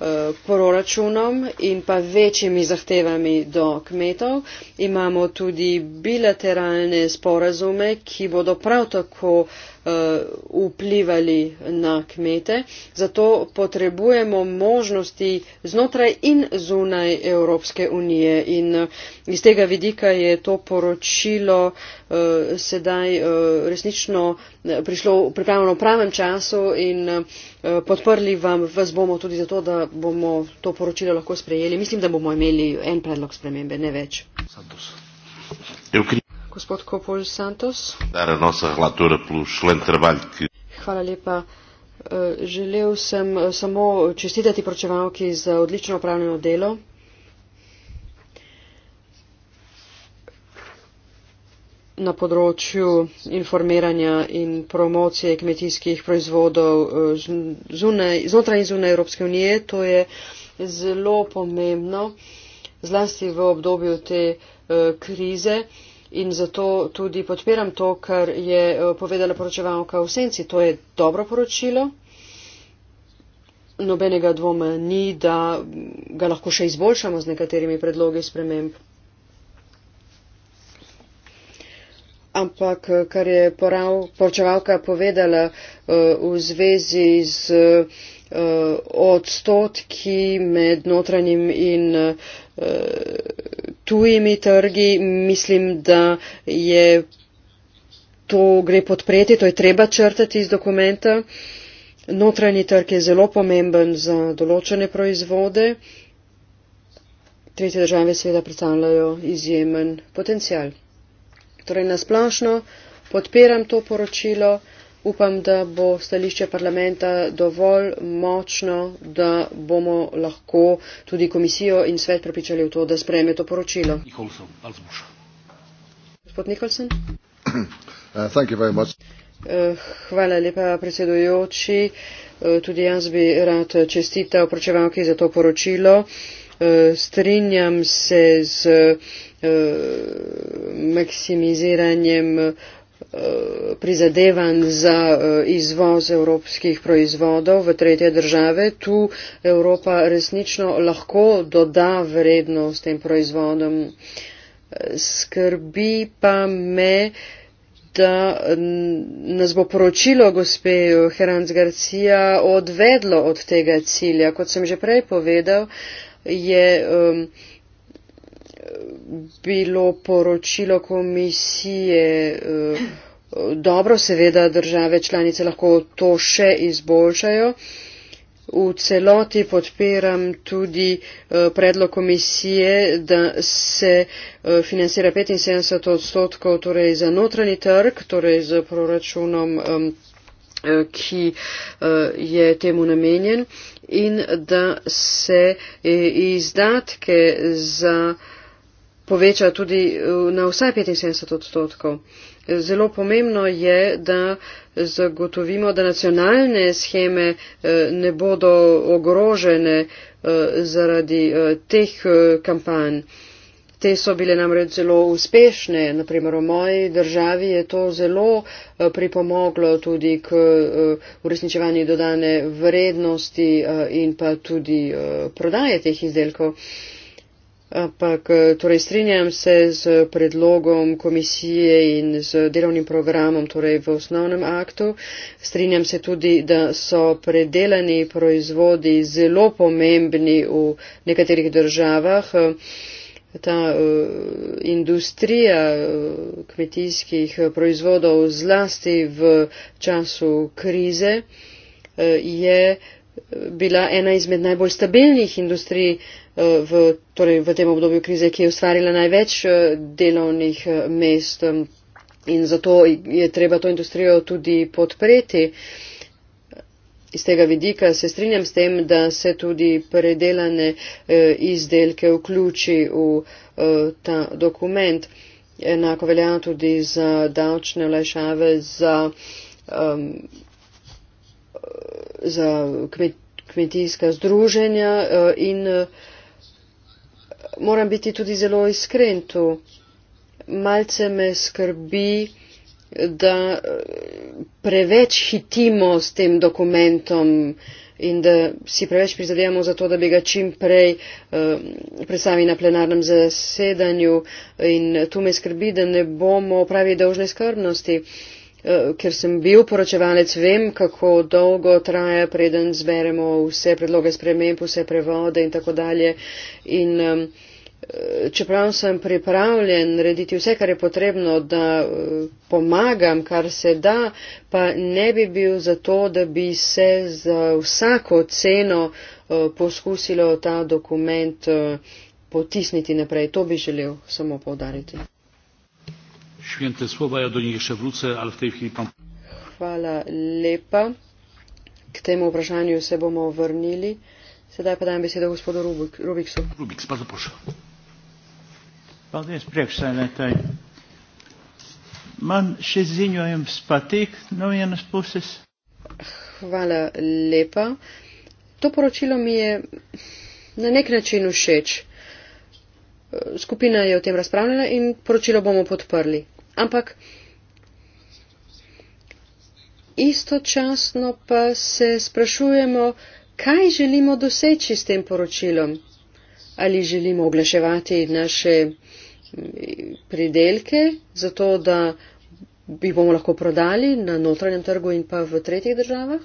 Eh, proračunom in pa večjimi zahtevami do kmetov. Imamo tudi bilateralne sporazume, ki bodo prav tako eh, vplivali na kmete. Zato potrebujemo možnosti znotraj in zunaj Evropske unije. In eh, iz tega vidika je to poročilo sedaj resnično Eh, prišlo pripravljeno v pravem času in eh, podprli vam, vas bomo tudi zato, da bomo to poročilo lahko sprejeli. Mislim, da bomo imeli en predlog spremembe, ne več. Gospod Kopol Santos. Hvala lepa. Eh, želel sem samo čestitati pročevalki za odlično upravljeno delo. na področju informiranja in promocije kmetijskih proizvodov eh, zunaj, znotraj in zunaj Evropske unije. To je zelo pomembno, zlasti v obdobju te eh, krize. In zato tudi podpiram to, kar je eh, povedala poročevalka v senci. To je dobro poročilo. Nobenega dvoma ni, da ga lahko še izboljšamo z nekaterimi predlogi sprememb, ampak eh, kar je poročevalka povedala eh, v zvezi z eh, odstotki med notranjim in tujimi trgi, mislim, da je to gre podpreti, to je treba črtati iz dokumenta. Notranji trg je zelo pomemben za določene proizvode. Tretje države seveda predstavljajo izjemen potencial. Torej, nasplošno podpiram to poročilo, upam, da bo stališče parlamenta dovolj močno, da bomo lahko tudi komisijo in svet prepričali v to, da sprejme to poročilo. Gospod Nikolsen. Uh, eh, hvala lepa, predsedujoči. Eh, tudi jaz bi rad čestital pročevalki za to poročilo. E, strinjam se z e, maksimiziranjem e, prizadevanj za izvoz evropskih proizvodov v tretje države. Tu Evropa resnično lahko doda vrednost tem proizvodom. Skrbi pa me, da nas bo poročilo gospe Heranz Garcia odvedlo od tega cilja. Kot sem že prej povedal, je um, bilo poročilo komisije uh, dobro, seveda države članice lahko to še izboljšajo. V celoti podpiram tudi uh, predlog komisije, da se uh, financira 75 odstotkov torej za notranji trg, torej z proračunom um, ki eh, je temu namenjen in da se eh, izdatke za poveča tudi eh, na vsaj 75 odstotkov. Zelo pomembno je, da zagotovimo, da nacionalne scheme ne bodo ogrožene zaradi teh kampanj. Te so bile namreč zelo uspešne, naprimer v moji državi je to zelo eh, pripomoglo tudi k eh, uresničevanju dodane vrednosti eh, in pa tudi prodaje teh izdelkov. Ampak torej strinjam se z predlogom komisije in z delovnim programom, torej v osnovnem aktu. Strinjam se tudi, da so predelani proizvodi zelo pomembni v nekaterih državah ta uh, industrija uh, kmetijskih proizvodov zlasti v času krize uh, je bila ena izmed najbolj stabilnih industrij v, torej v tem obdobju krize, ki je ustvarila največ delovnih mest in zato je treba to industrijo tudi podpreti. Uh, Iz tega vidika se strinjam s tem, da se tudi predelane eh, izdelke vključi v eh, ta dokument. Enako velja tudi za davčne olajšave za, um, za kmetijska združenja eh, in moram biti tudi zelo iskren tu. Malce me skrbi da eh, preveč hitimo s tem dokumentom in da si preveč prizadevamo za to, da bi ga čim prej eh, predstavi na plenarnem zasedanju in tu me skrbi, da ne bomo pravi dolžne skrbnosti. Eh, ker sem bil poročevalec, vem, kako dolgo traja, preden zberemo vse predloge sprememb, vse prevode in tako dalje. In, um, čeprav sem pripravljen narediti vse, kar je potrebno, da eh, pomagam, kar se da, pa ne bi bil za to, da bi se za vsako ceno eh, poskusilo ta dokument eh, potisniti naprej. To bi želel samo povdariti. Ja Hvala lepa. K temu vprašanju se bomo vrnili. Sedaj pa dajem besedo gospodu Rubik, Rubiksu. Rubiks, pa zaprošam. Paldies, priekšsēdētāji. Man šis ziņojums patīk no vienas puses. Hvala lepa. To poročilo mi je na nek način všeč. Skupina je o tem razpravljala in poročilo bomo podprli. Ampak istočasno pa se sprašujemo, kaj želimo doseči s tem poročilom. Ali želimo oglaševati naše pridelke, zato da jih bomo lahko prodali na notranjem trgu in pa v tretjih državah.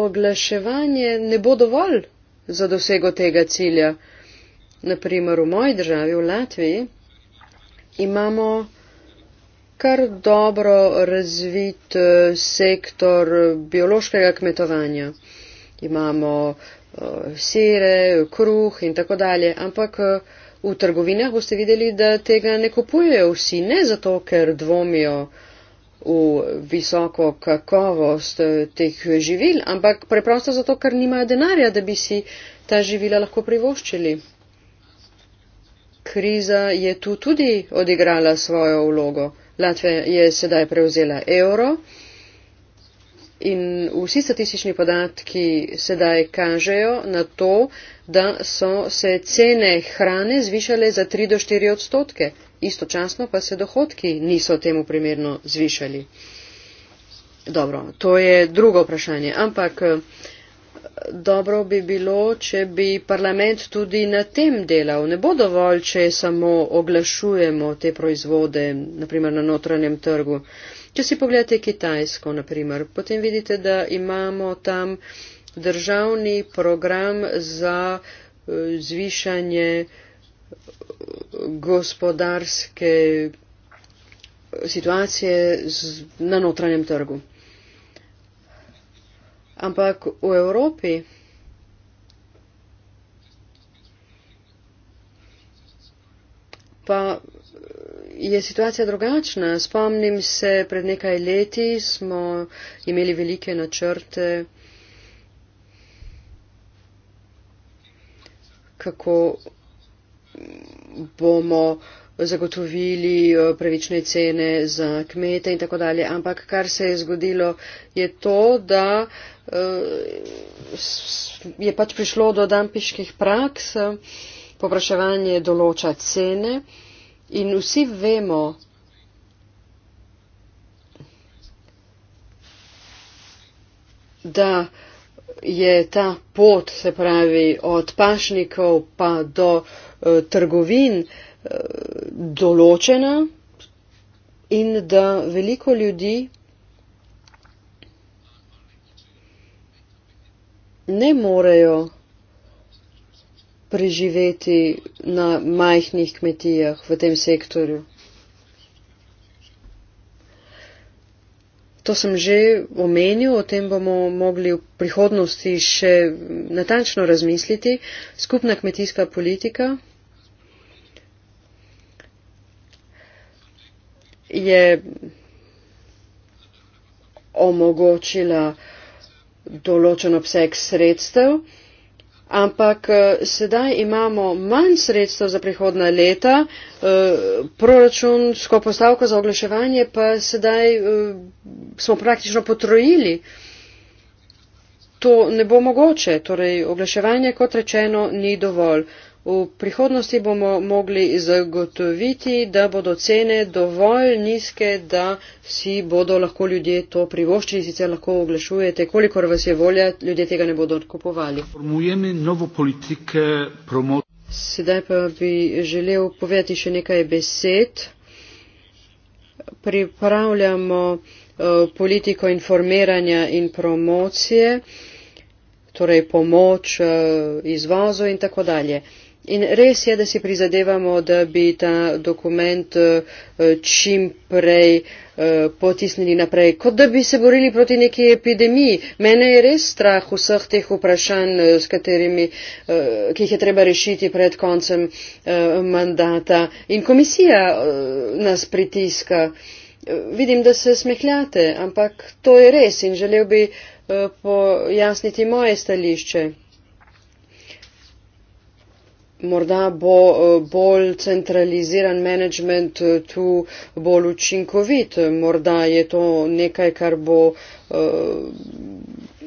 Oglaševanje ne bo dovolj za dosego tega cilja. Naprimer v moji državi, v Latviji, imamo kar dobro razvit eh, sektor biološkega kmetovanja. Imamo uh, sire, kruh in tako dalje, ampak uh, V trgovinah boste videli, da tega ne kupujejo vsi, ne zato, ker dvomijo v visoko kakovost eh, teh živil, ampak preprosto zato, ker nimajo denarja, da bi si ta živila lahko privoščili. Kriza je tu tudi odigrala svojo vlogo. Latvija je sedaj prevzela evro. In vsi statistični podatki sedaj kažejo na to, da so se cene hrane zvišale za 3 do 4 odstotke, istočasno pa se dohodki niso temu primerno zvišali. Dobro, to je drugo vprašanje, ampak eh, dobro bi bilo, če bi parlament tudi na tem delal. Ne bo dovolj, če samo oglašujemo te proizvode, naprimer na notranjem trgu. Če si pogledate Kitajsko, naprimer, potem vidite, da imamo tam državni program za eh, zvišanje eh, gospodarske eh, situacije na notranjem trgu. Ampak v Evropi pa je situacija drugačna. Spomnim se, pred nekaj leti smo imeli velike načrte, kako bomo zagotovili eh, pravične cene za kmete in tako dalje. Ampak kar se je zgodilo, je to, da eh, je pač prišlo do dampiških praks, popraševanje določa cene in vsi vemo, da je ta pot, se pravi, od pašnikov pa do e, trgovin e, določena in da veliko ljudi ne morejo preživeti na majhnih kmetijah v tem sektorju. To sem že omenil, o tem bomo mogli v prihodnosti še natančno razmisliti. Skupna kmetijska politika je omogočila določen obseg sredstev ampak eh, sedaj imamo manj sredstev za prihodna leta, eh, proračunsko postavko za oglaševanje pa sedaj eh, smo praktično potrojili. To ne bo mogoče, torej oglaševanje, kot rečeno, ni dovolj. V prihodnosti bomo mogli zagotoviti, da bodo cene dovolj nizke, da si bodo lahko ljudje to privoščili, sicer lahko oglašujete, kolikor vas je volja, ljudje tega ne bodo odkupovali. Sedaj pa bi želel povedati še nekaj besed. Pripravljamo eh, politiko informiranja in promocije, torej pomoč eh, izvozu in tako dalje. In res je, da si prizadevamo, da bi ta dokument eh, čim prej eh, potisnili naprej, kot da bi se borili proti neki epidemiji. Mene je res strah vseh teh vprašanj, eh, s katerimi, ki jih je treba rešiti pred koncem mandata. In komisija nas pritiska. Vidim, da se smehljate, ampak to je res in želel bi pojasniti moje stališče morda bo eh, bolj centraliziran menedžment eh, tu bolj učinkovit. Morda je to nekaj, kar bo eh,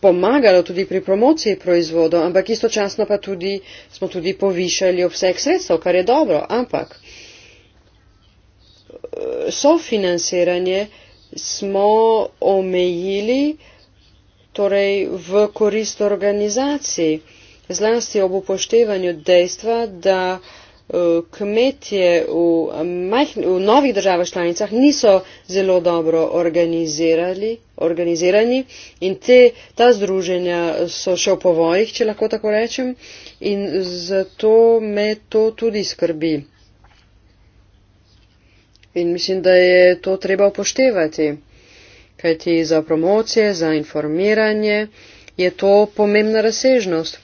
pomagalo tudi pri promociji proizvodov, ampak istočasno pa tudi, smo tudi povišali obseg sredstev, kar je dobro. Ampak sofinanciranje smo omejili torej v korist organizaciji zlasti ob upoštevanju dejstva, da eh, kmetje v, majhn, v novih državah članicah niso zelo dobro organizirani in te, ta združenja so še v povojih, če lahko tako rečem, in zato me to tudi skrbi. In mislim, da je to treba upoštevati, kajti za promocije, za informiranje je to pomembna razsežnost.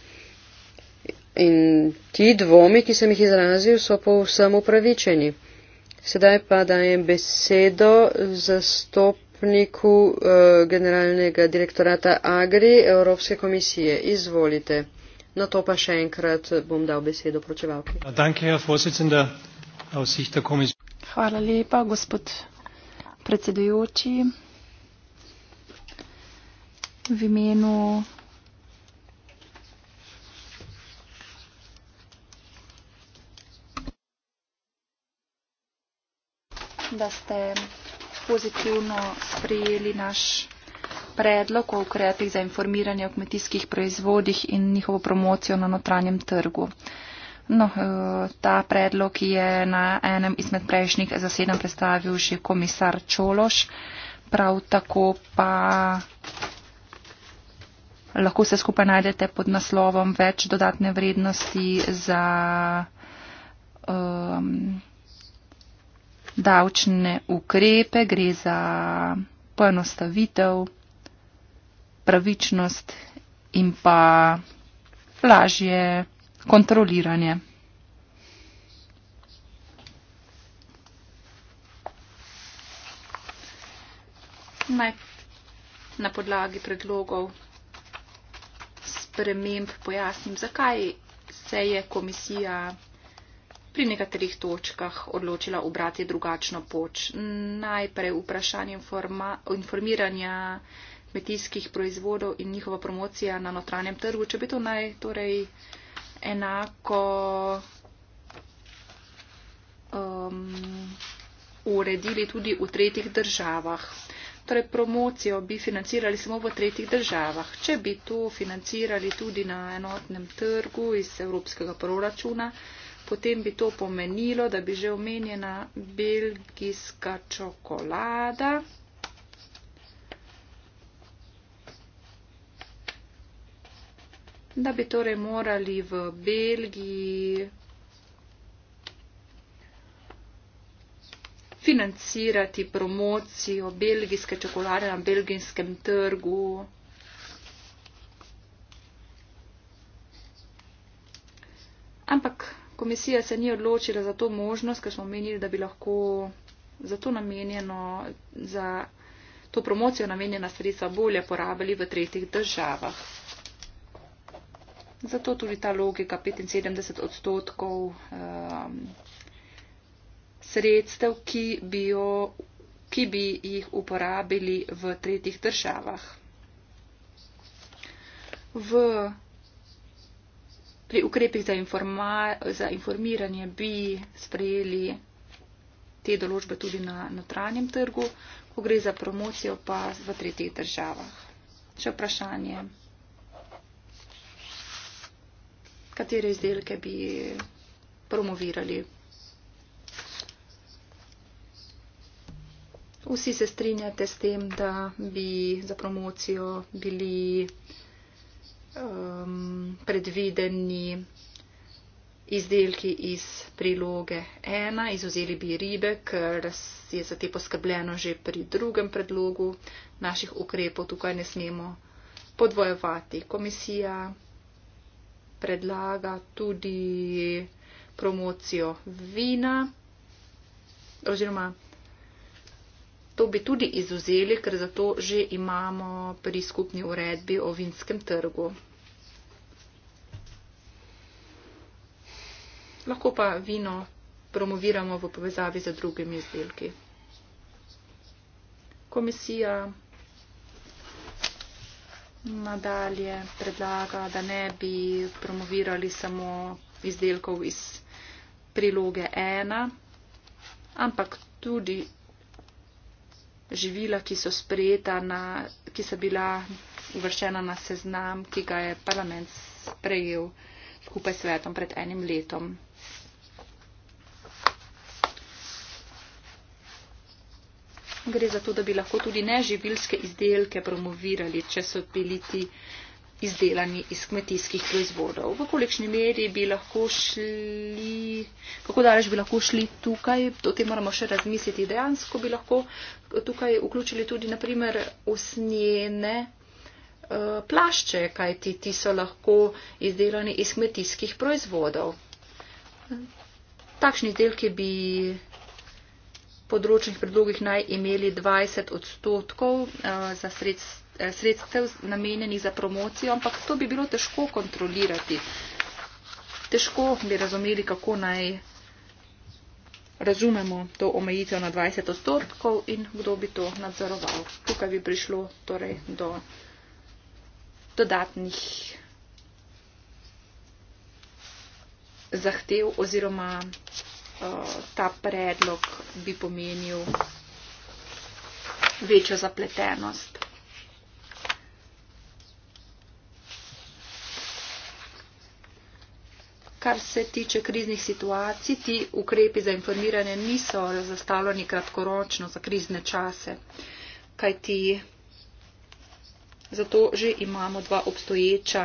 In ti dvomi, ki sem jih izrazil, so povsem upravičeni. Sedaj pa dajem besedo zastopniku eh, generalnega direktorata Agri Evropske komisije. Izvolite. Na to pa še enkrat bom dal besedo pročevalki. Ja, Hvala lepa, gospod predsedujoči. V imenu da ste pozitivno sprejeli naš predlog o ukrepih za informiranje o kmetijskih proizvodih in njihovo promocijo na notranjem trgu. No, eh, ta predlog je na enem izmed prejšnjih zasedanj predstavil že komisar Čološ, prav tako pa lahko se skupaj najdete pod naslovom več dodatne vrednosti za. Um, davčne ukrepe, gre za poenostavitev, pravičnost in pa lažje kontroliranje. Naj na podlagi predlogov sprememb pojasnim, zakaj se je komisija pri nekaterih točkah odločila obrati drugačno poč. Najprej vprašanje informa, informiranja kmetijskih proizvodov in njihova promocija na notranjem trgu. Če bi to naj torej enako um, uredili tudi v tretjih državah. Torej, promocijo bi financirali samo v tretjih državah. Če bi to financirali tudi na enotnem trgu iz evropskega proračuna, uh, potem bi to pomenilo, da bi že omenjena belgijska čokolada da bi torej morali v Belgiji financirati promocijo belgijske čokolade na belgijskem trgu. Ampak komisija se ni odločila za to možnost, ker smo menili, da bi lahko za to namenjeno, za to promocijo namenjena sredstva bolje porabili v tretjih državah. Zato tudi ta logika 75 odstotkov um, sredstev, ki bi, jo, ki bi jih uporabili v tretjih državah. V pri ukrepih za, informa, za informiranje bi sprejeli te določbe tudi na notranjem trgu, ko gre za promocijo pa v tretjih državah. Še vprašanje. Katere izdelke bi promovirali? Vsi se strinjate s tem, da bi za promocijo bili um, predvideni izdelki iz priloge ena, izuzeli bi ribe, ker je za te poskrbljeno že pri drugem predlogu naših ukrepov. Tukaj ne smemo podvojevati. Komisija predlaga tudi promocijo vina oziroma To bi tudi izuzeli, ker za to že imamo pri skupni uredbi o vinskem trgu. Lahko pa vino promoviramo v povezavi z drugimi izdelki. Komisija nadalje predlaga, da ne bi promovirali samo izdelkov iz priloge 1, ampak tudi živila, ki so sprejeta, na, ki so bila uvrščena na seznam, ki ga je parlament sprejel skupaj s svetom pred enim letom. Gre za to, da bi lahko tudi neživilske izdelke promovirali, če so bili ti izdelani iz kmetijskih proizvodov. V kolikšni meri bi lahko šli, kako daleč bi lahko šli tukaj, to te moramo še razmisliti. Dejansko bi lahko tukaj vključili tudi naprimer usnjene eh, plašče, kajti ti so lahko izdelani iz kmetijskih proizvodov. Takšni izdelki bi področnih predlogih naj imeli 20 odstotkov eh, za sredstva Eh, sredstev namenjenih za promocijo, ampak to bi bilo težko kontrolirati. Težko bi razumeli, kako naj razumemo to omejitev na 20 odstotkov in kdo bi to nadzoroval. Tukaj bi prišlo torej do dodatnih zahtev oziroma eh, ta predlog bi pomenil večjo zapletenost. kar se tiče kriznih situacij, ti ukrepi za informiranje niso zastavljeni kratkoročno za krizne čase, kajti zato že imamo dva obstoječa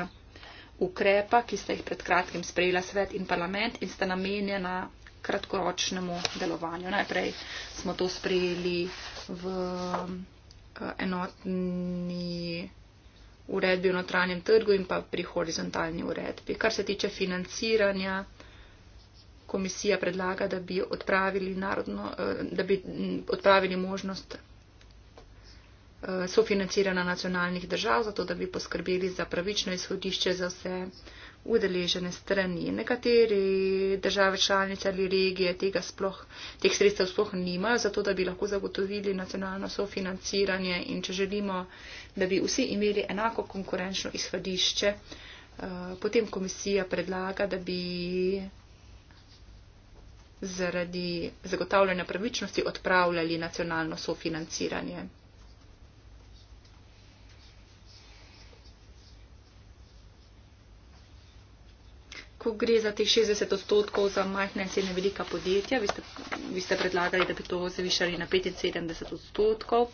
ukrepa, ki sta jih pred kratkim sprejela svet in parlament in sta namenjena kratkoročnemu delovanju. Najprej smo to sprejeli v eh, enotni uredbi o notranjem trgu in pa pri horizontalni uredbi. Kar se tiče financiranja, komisija predlaga, da bi odpravili, narodno, eh, da bi odpravili možnost eh, sofinanciranja nacionalnih držav, zato da bi poskrbeli za pravično izhodišče za vse udeležene strani. Nekateri države članice ali regije tega sploh, teh sredstev sploh nimajo, zato da bi lahko zagotovili nacionalno sofinanciranje in če želimo, da bi vsi imeli enako konkurenčno izhodišče, eh, potem komisija predlaga, da bi zaradi zagotavljanja pravičnosti odpravljali nacionalno sofinanciranje. ko gre za teh 60 odstotkov za majhna in srednja velika podjetja. Vi ste, vi ste predlagali, da bi to zvišali na 75 odstotkov.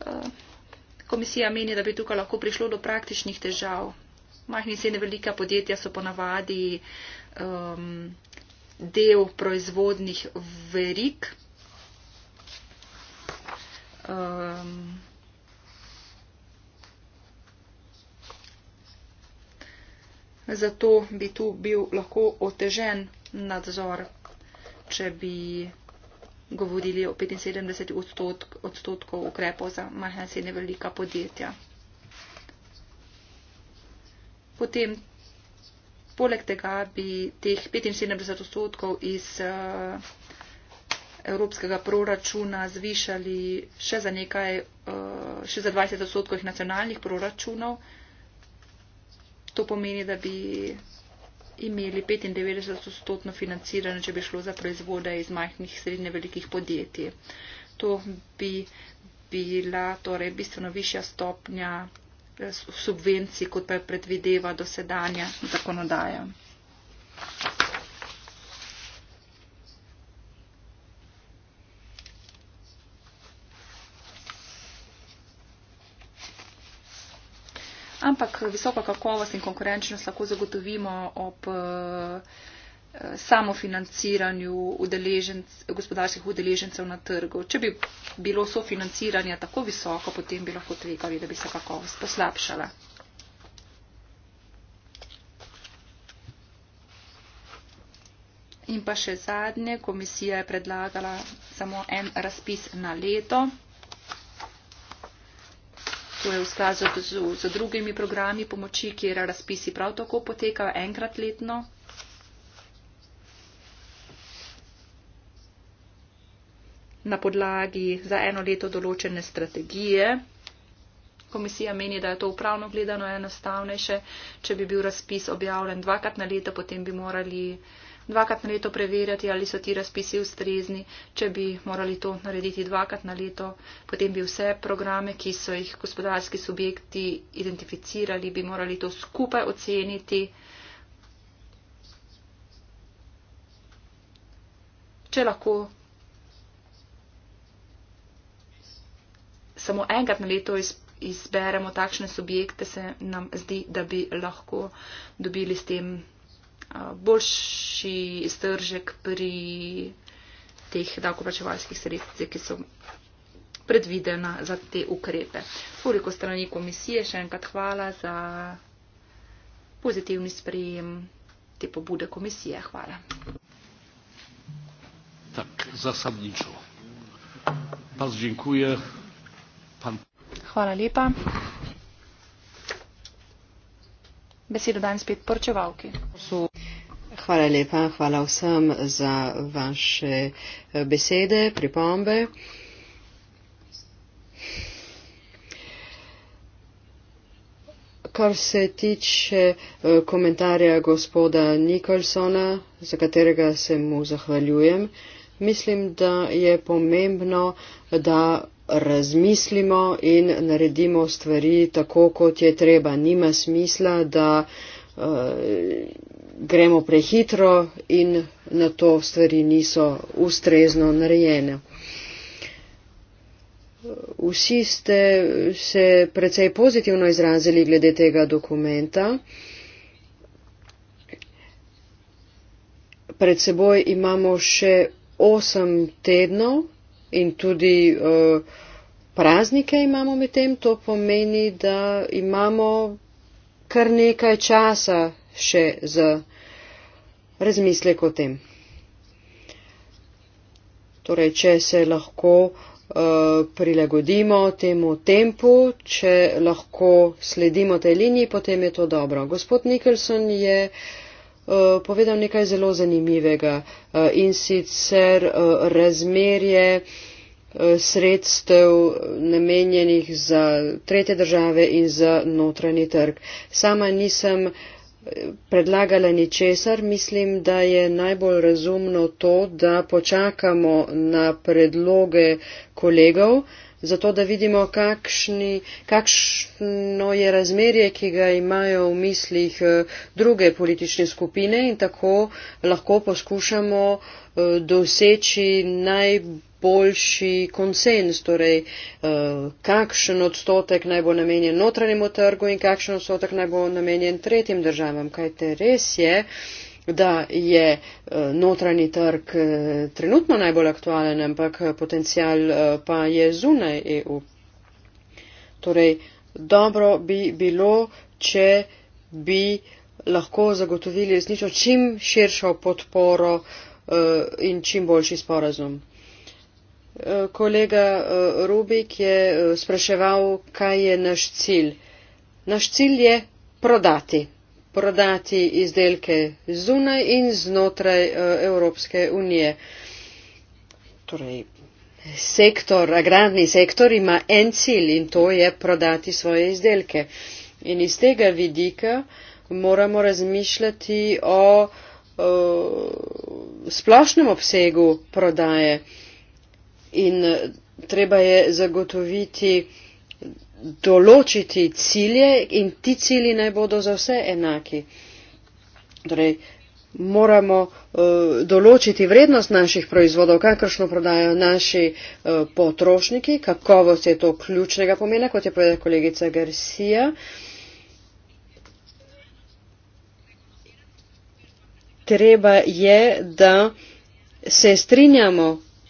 Eh, komisija meni, da bi tukaj lahko prišlo do praktičnih težav. Majhni in srednje velika podjetja so ponavadi um, del proizvodnih verik. Um, ehm, zato bi tu bil lahko otežen nadzor, če bi govorili o 75 odstotk, odstotkov ukrepov za majhna in srednje velika podjetja. Potem, poleg tega bi teh 75 odstotkov iz evropskega proračuna zvišali še za nekaj, še za 20 odstotkov nacionalnih proračunov, To pomeni, da bi imeli 95-odstotno financiranje, če bi šlo za proizvode iz majhnih, srednje velikih podjetij. To bi bila torej bistveno višja stopnja eh, subvencij, kot pa je predvideva dosedanja zakonodaja. Ampak visoko kakovost in konkurenčnost lahko zagotovimo ob eh, samofinanciranju gospodarskih udeležencev na trgu. Če bi bilo sofinanciranje tako visoko, potem bi lahko tvegali, da bi se kakovost poslabšala. In pa še zadnje, komisija je predlagala samo en razpis na leto to je v skladu z, z drugimi programi pomoči, kjer razpisi prav tako potekajo enkrat letno. Na podlagi za eno leto določene strategije. Komisija meni, da je to upravno gledano enostavnejše. Če bi bil razpis objavljen dvakrat na leto, potem bi morali dvakrat na leto preverjati, ali so ti razpisi ustrezni. Če bi morali to narediti dvakrat na leto, potem bi vse programe, ki so jih gospodarski subjekti identificirali, bi morali to skupaj oceniti. Če lahko samo enkrat na leto izberemo takšne subjekte, se nam zdi, da bi lahko dobili s tem boljši stržek pri teh davkoplačevalskih sredstvih, ki so predvidena za te ukrepe. Koliko strani komisije, še enkrat hvala za pozitivni sprejem te pobude komisije. Hvala. Tak, zasadničo. Pa zdjenkuje. Pan... Hvala lepa. Besedo dan spet porčevalki. Hvala lepa, hvala vsem za vaše eh, besede, pripombe. Kar se tiče eh, komentarja gospoda Nikolsona, za katerega se mu zahvaljujem, mislim, da je pomembno, da razmislimo in naredimo stvari tako, kot je treba. Nima smisla, da eh, gremo prehitro in na to stvari niso ustrezno narejene. Vsi ste se precej pozitivno izrazili glede tega dokumenta. Pred seboj imamo še osem tednov in tudi uh, praznike imamo med tem. To pomeni, da imamo kar nekaj časa še z razmislek o tem. Torej, če se lahko uh, prilagodimo temu tempu, če lahko sledimo tej liniji, potem je to dobro. Gospod Nikolson je eh, povedal nekaj zelo zanimivega eh, in sicer razmerje sredstev namenjenih za tretje države in za notranji trg. Sama nisem uh, predlagala ničesar, mislim, da je najbolj razumno to, da počakamo na predloge kolegov, zato da vidimo, kakšni, kakšno je razmerje, ki ga imajo v mislih eh, druge politične skupine in tako lahko poskušamo eh, doseči najbolj boljši konsens, torej eh, kakšen odstotek naj bo namenjen notranjemu trgu in kakšen odstotek naj bo namenjen tretjim državam. Kaj te res je, da je eh, notranji trg eh, trenutno najbolj aktualen, ampak potencial pa je zunaj EU. Torej, dobro bi bilo, če bi lahko zagotovili resnično čim širšo podporo uh, in čim boljši sporazum. Kolega eh, Rubik je eh, spraševal, kaj je naš cilj. Naš cilj je prodati. Prodati izdelke zunaj in znotraj eh, Evropske unije. Torej, sektor, agrarni sektor ima en cilj in to je prodati svoje izdelke. In iz tega vidika moramo razmišljati o, o splošnem obsegu prodaje in eh, treba je zagotoviti, določiti cilje in ti cilji naj bodo za vse enaki. Torej, moramo uh, določiti vrednost naših proizvodov, kakršno prodajo naši uh, potrošniki, kakovost je to ključnega pomena, kot je povedala kolegica Garcia. Treba je, da se strinjamo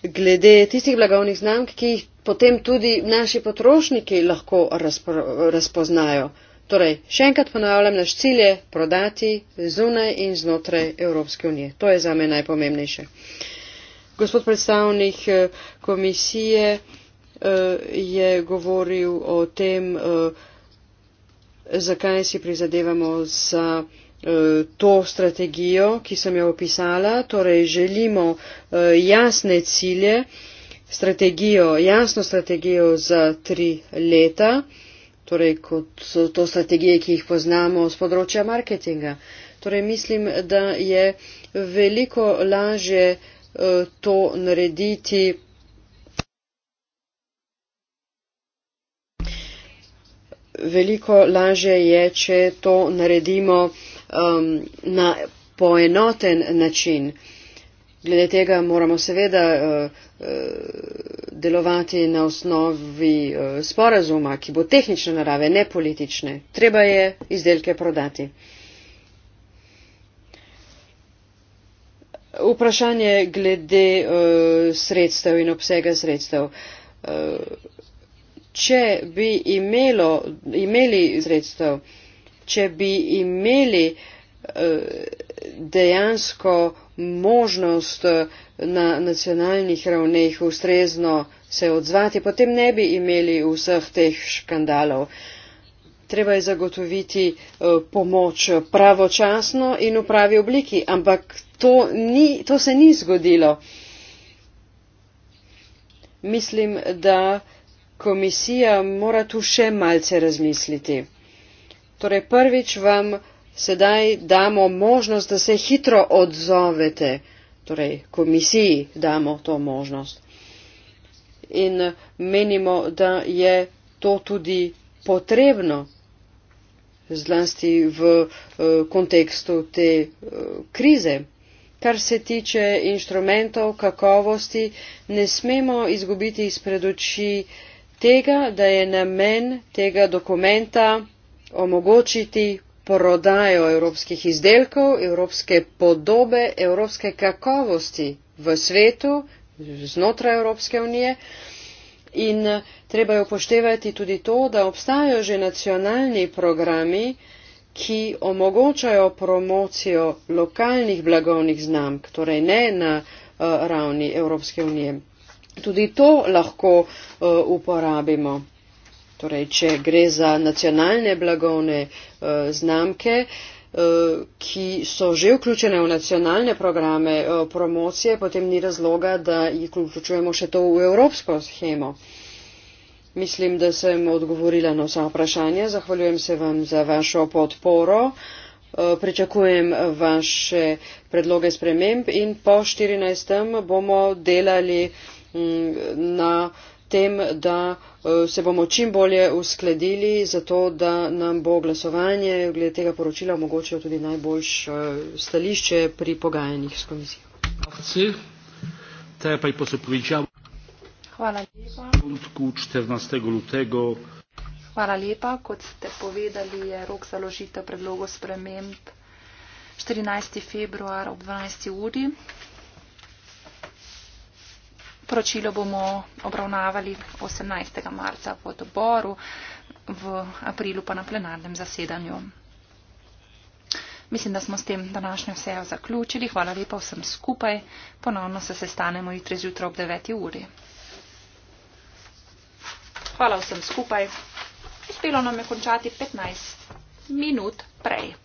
glede tistih blagovnih znamk, ki jih potem tudi naši potrošniki lahko razpo, razpoznajo. Torej, še enkrat ponavljam, naš cilj je prodati zunaj in znotraj Evropske unije. To je za me najpomembnejše. Gospod predstavnik eh, komisije eh, je govoril o tem, eh, zakaj si prizadevamo za. Eh, to strategijo, ki sem jo opisala, torej želimo eh, jasne cilje, strategijo, jasno strategijo za tri leta, torej kot so to strategije, ki jih poznamo z področja marketinga. Torej mislim, da je veliko lažje eh, to narediti. Veliko lažje je, če to naredimo um, na poenoten način. Glede tega moramo seveda uh, uh, delovati na osnovi uh, sporazuma, ki bo tehnične narave, ne politične. Treba je izdelke prodati. Vprašanje glede sredstev in obsega sredstev. Če bi imelo, imeli sredstev, če bi imeli eh, dejansko možnost eh, na nacionalnih ravneh ustrezno se odzvati, potem ne bi imeli vseh teh škandalov. Treba je zagotoviti eh, pomoč pravočasno in v pravi obliki, ampak to, ni, to se ni zgodilo. Mislim, da komisija mora tu še malce razmisliti. Torej prvič vam sedaj damo možnost, da se hitro odzovete. Torej komisiji damo to možnost. In menimo, da je to tudi potrebno, zlasti v uh, kontekstu te uh, krize. Kar se tiče inštrumentov kakovosti, ne smemo izgubiti iz pred oči tega, da je namen tega dokumenta omogočiti prodajo evropskih izdelkov, evropske podobe, evropske kakovosti v svetu, znotraj Evropske unije. In treba je upoštevati tudi to, da obstajajo že nacionalni programi, ki omogočajo promocijo lokalnih blagovnih znamk, torej ne na uh, ravni Evropske unije. Tudi to lahko uh, uporabimo torej če gre za nacionalne blagovne eh, znamke, eh, ki so že vključene v nacionalne programe eh, promocije, potem ni razloga, da jih vključujemo še to v evropsko schemo. Mislim, da sem odgovorila na vsa vprašanja. Zahvaljujem se vam za vašo podporo. Pričakujem vaše predloge spremem in po 14. bomo delali mm, na tem, da eh, se bomo čim bolje uskladili, zato da nam bo glasovanje glede tega poročila omogočilo tudi najboljš eh, stališče pri pogajanjih s komisijo. Hvala lepa. Hvala lepa. Kot ste povedali, je rok za ložitev predlogo sprememb 14. februar ob 12. uri. Poročilo bomo obravnavali 18. marca v odboru, v aprilu pa na plenarnem zasedanju. Mislim, da smo s tem današnjo sejo zaključili. Hvala lepa vsem skupaj. Ponovno se sestanemo jutri zjutraj ob 9. uri. Hvala vsem skupaj. Uspelo nam je končati 15 minut prej.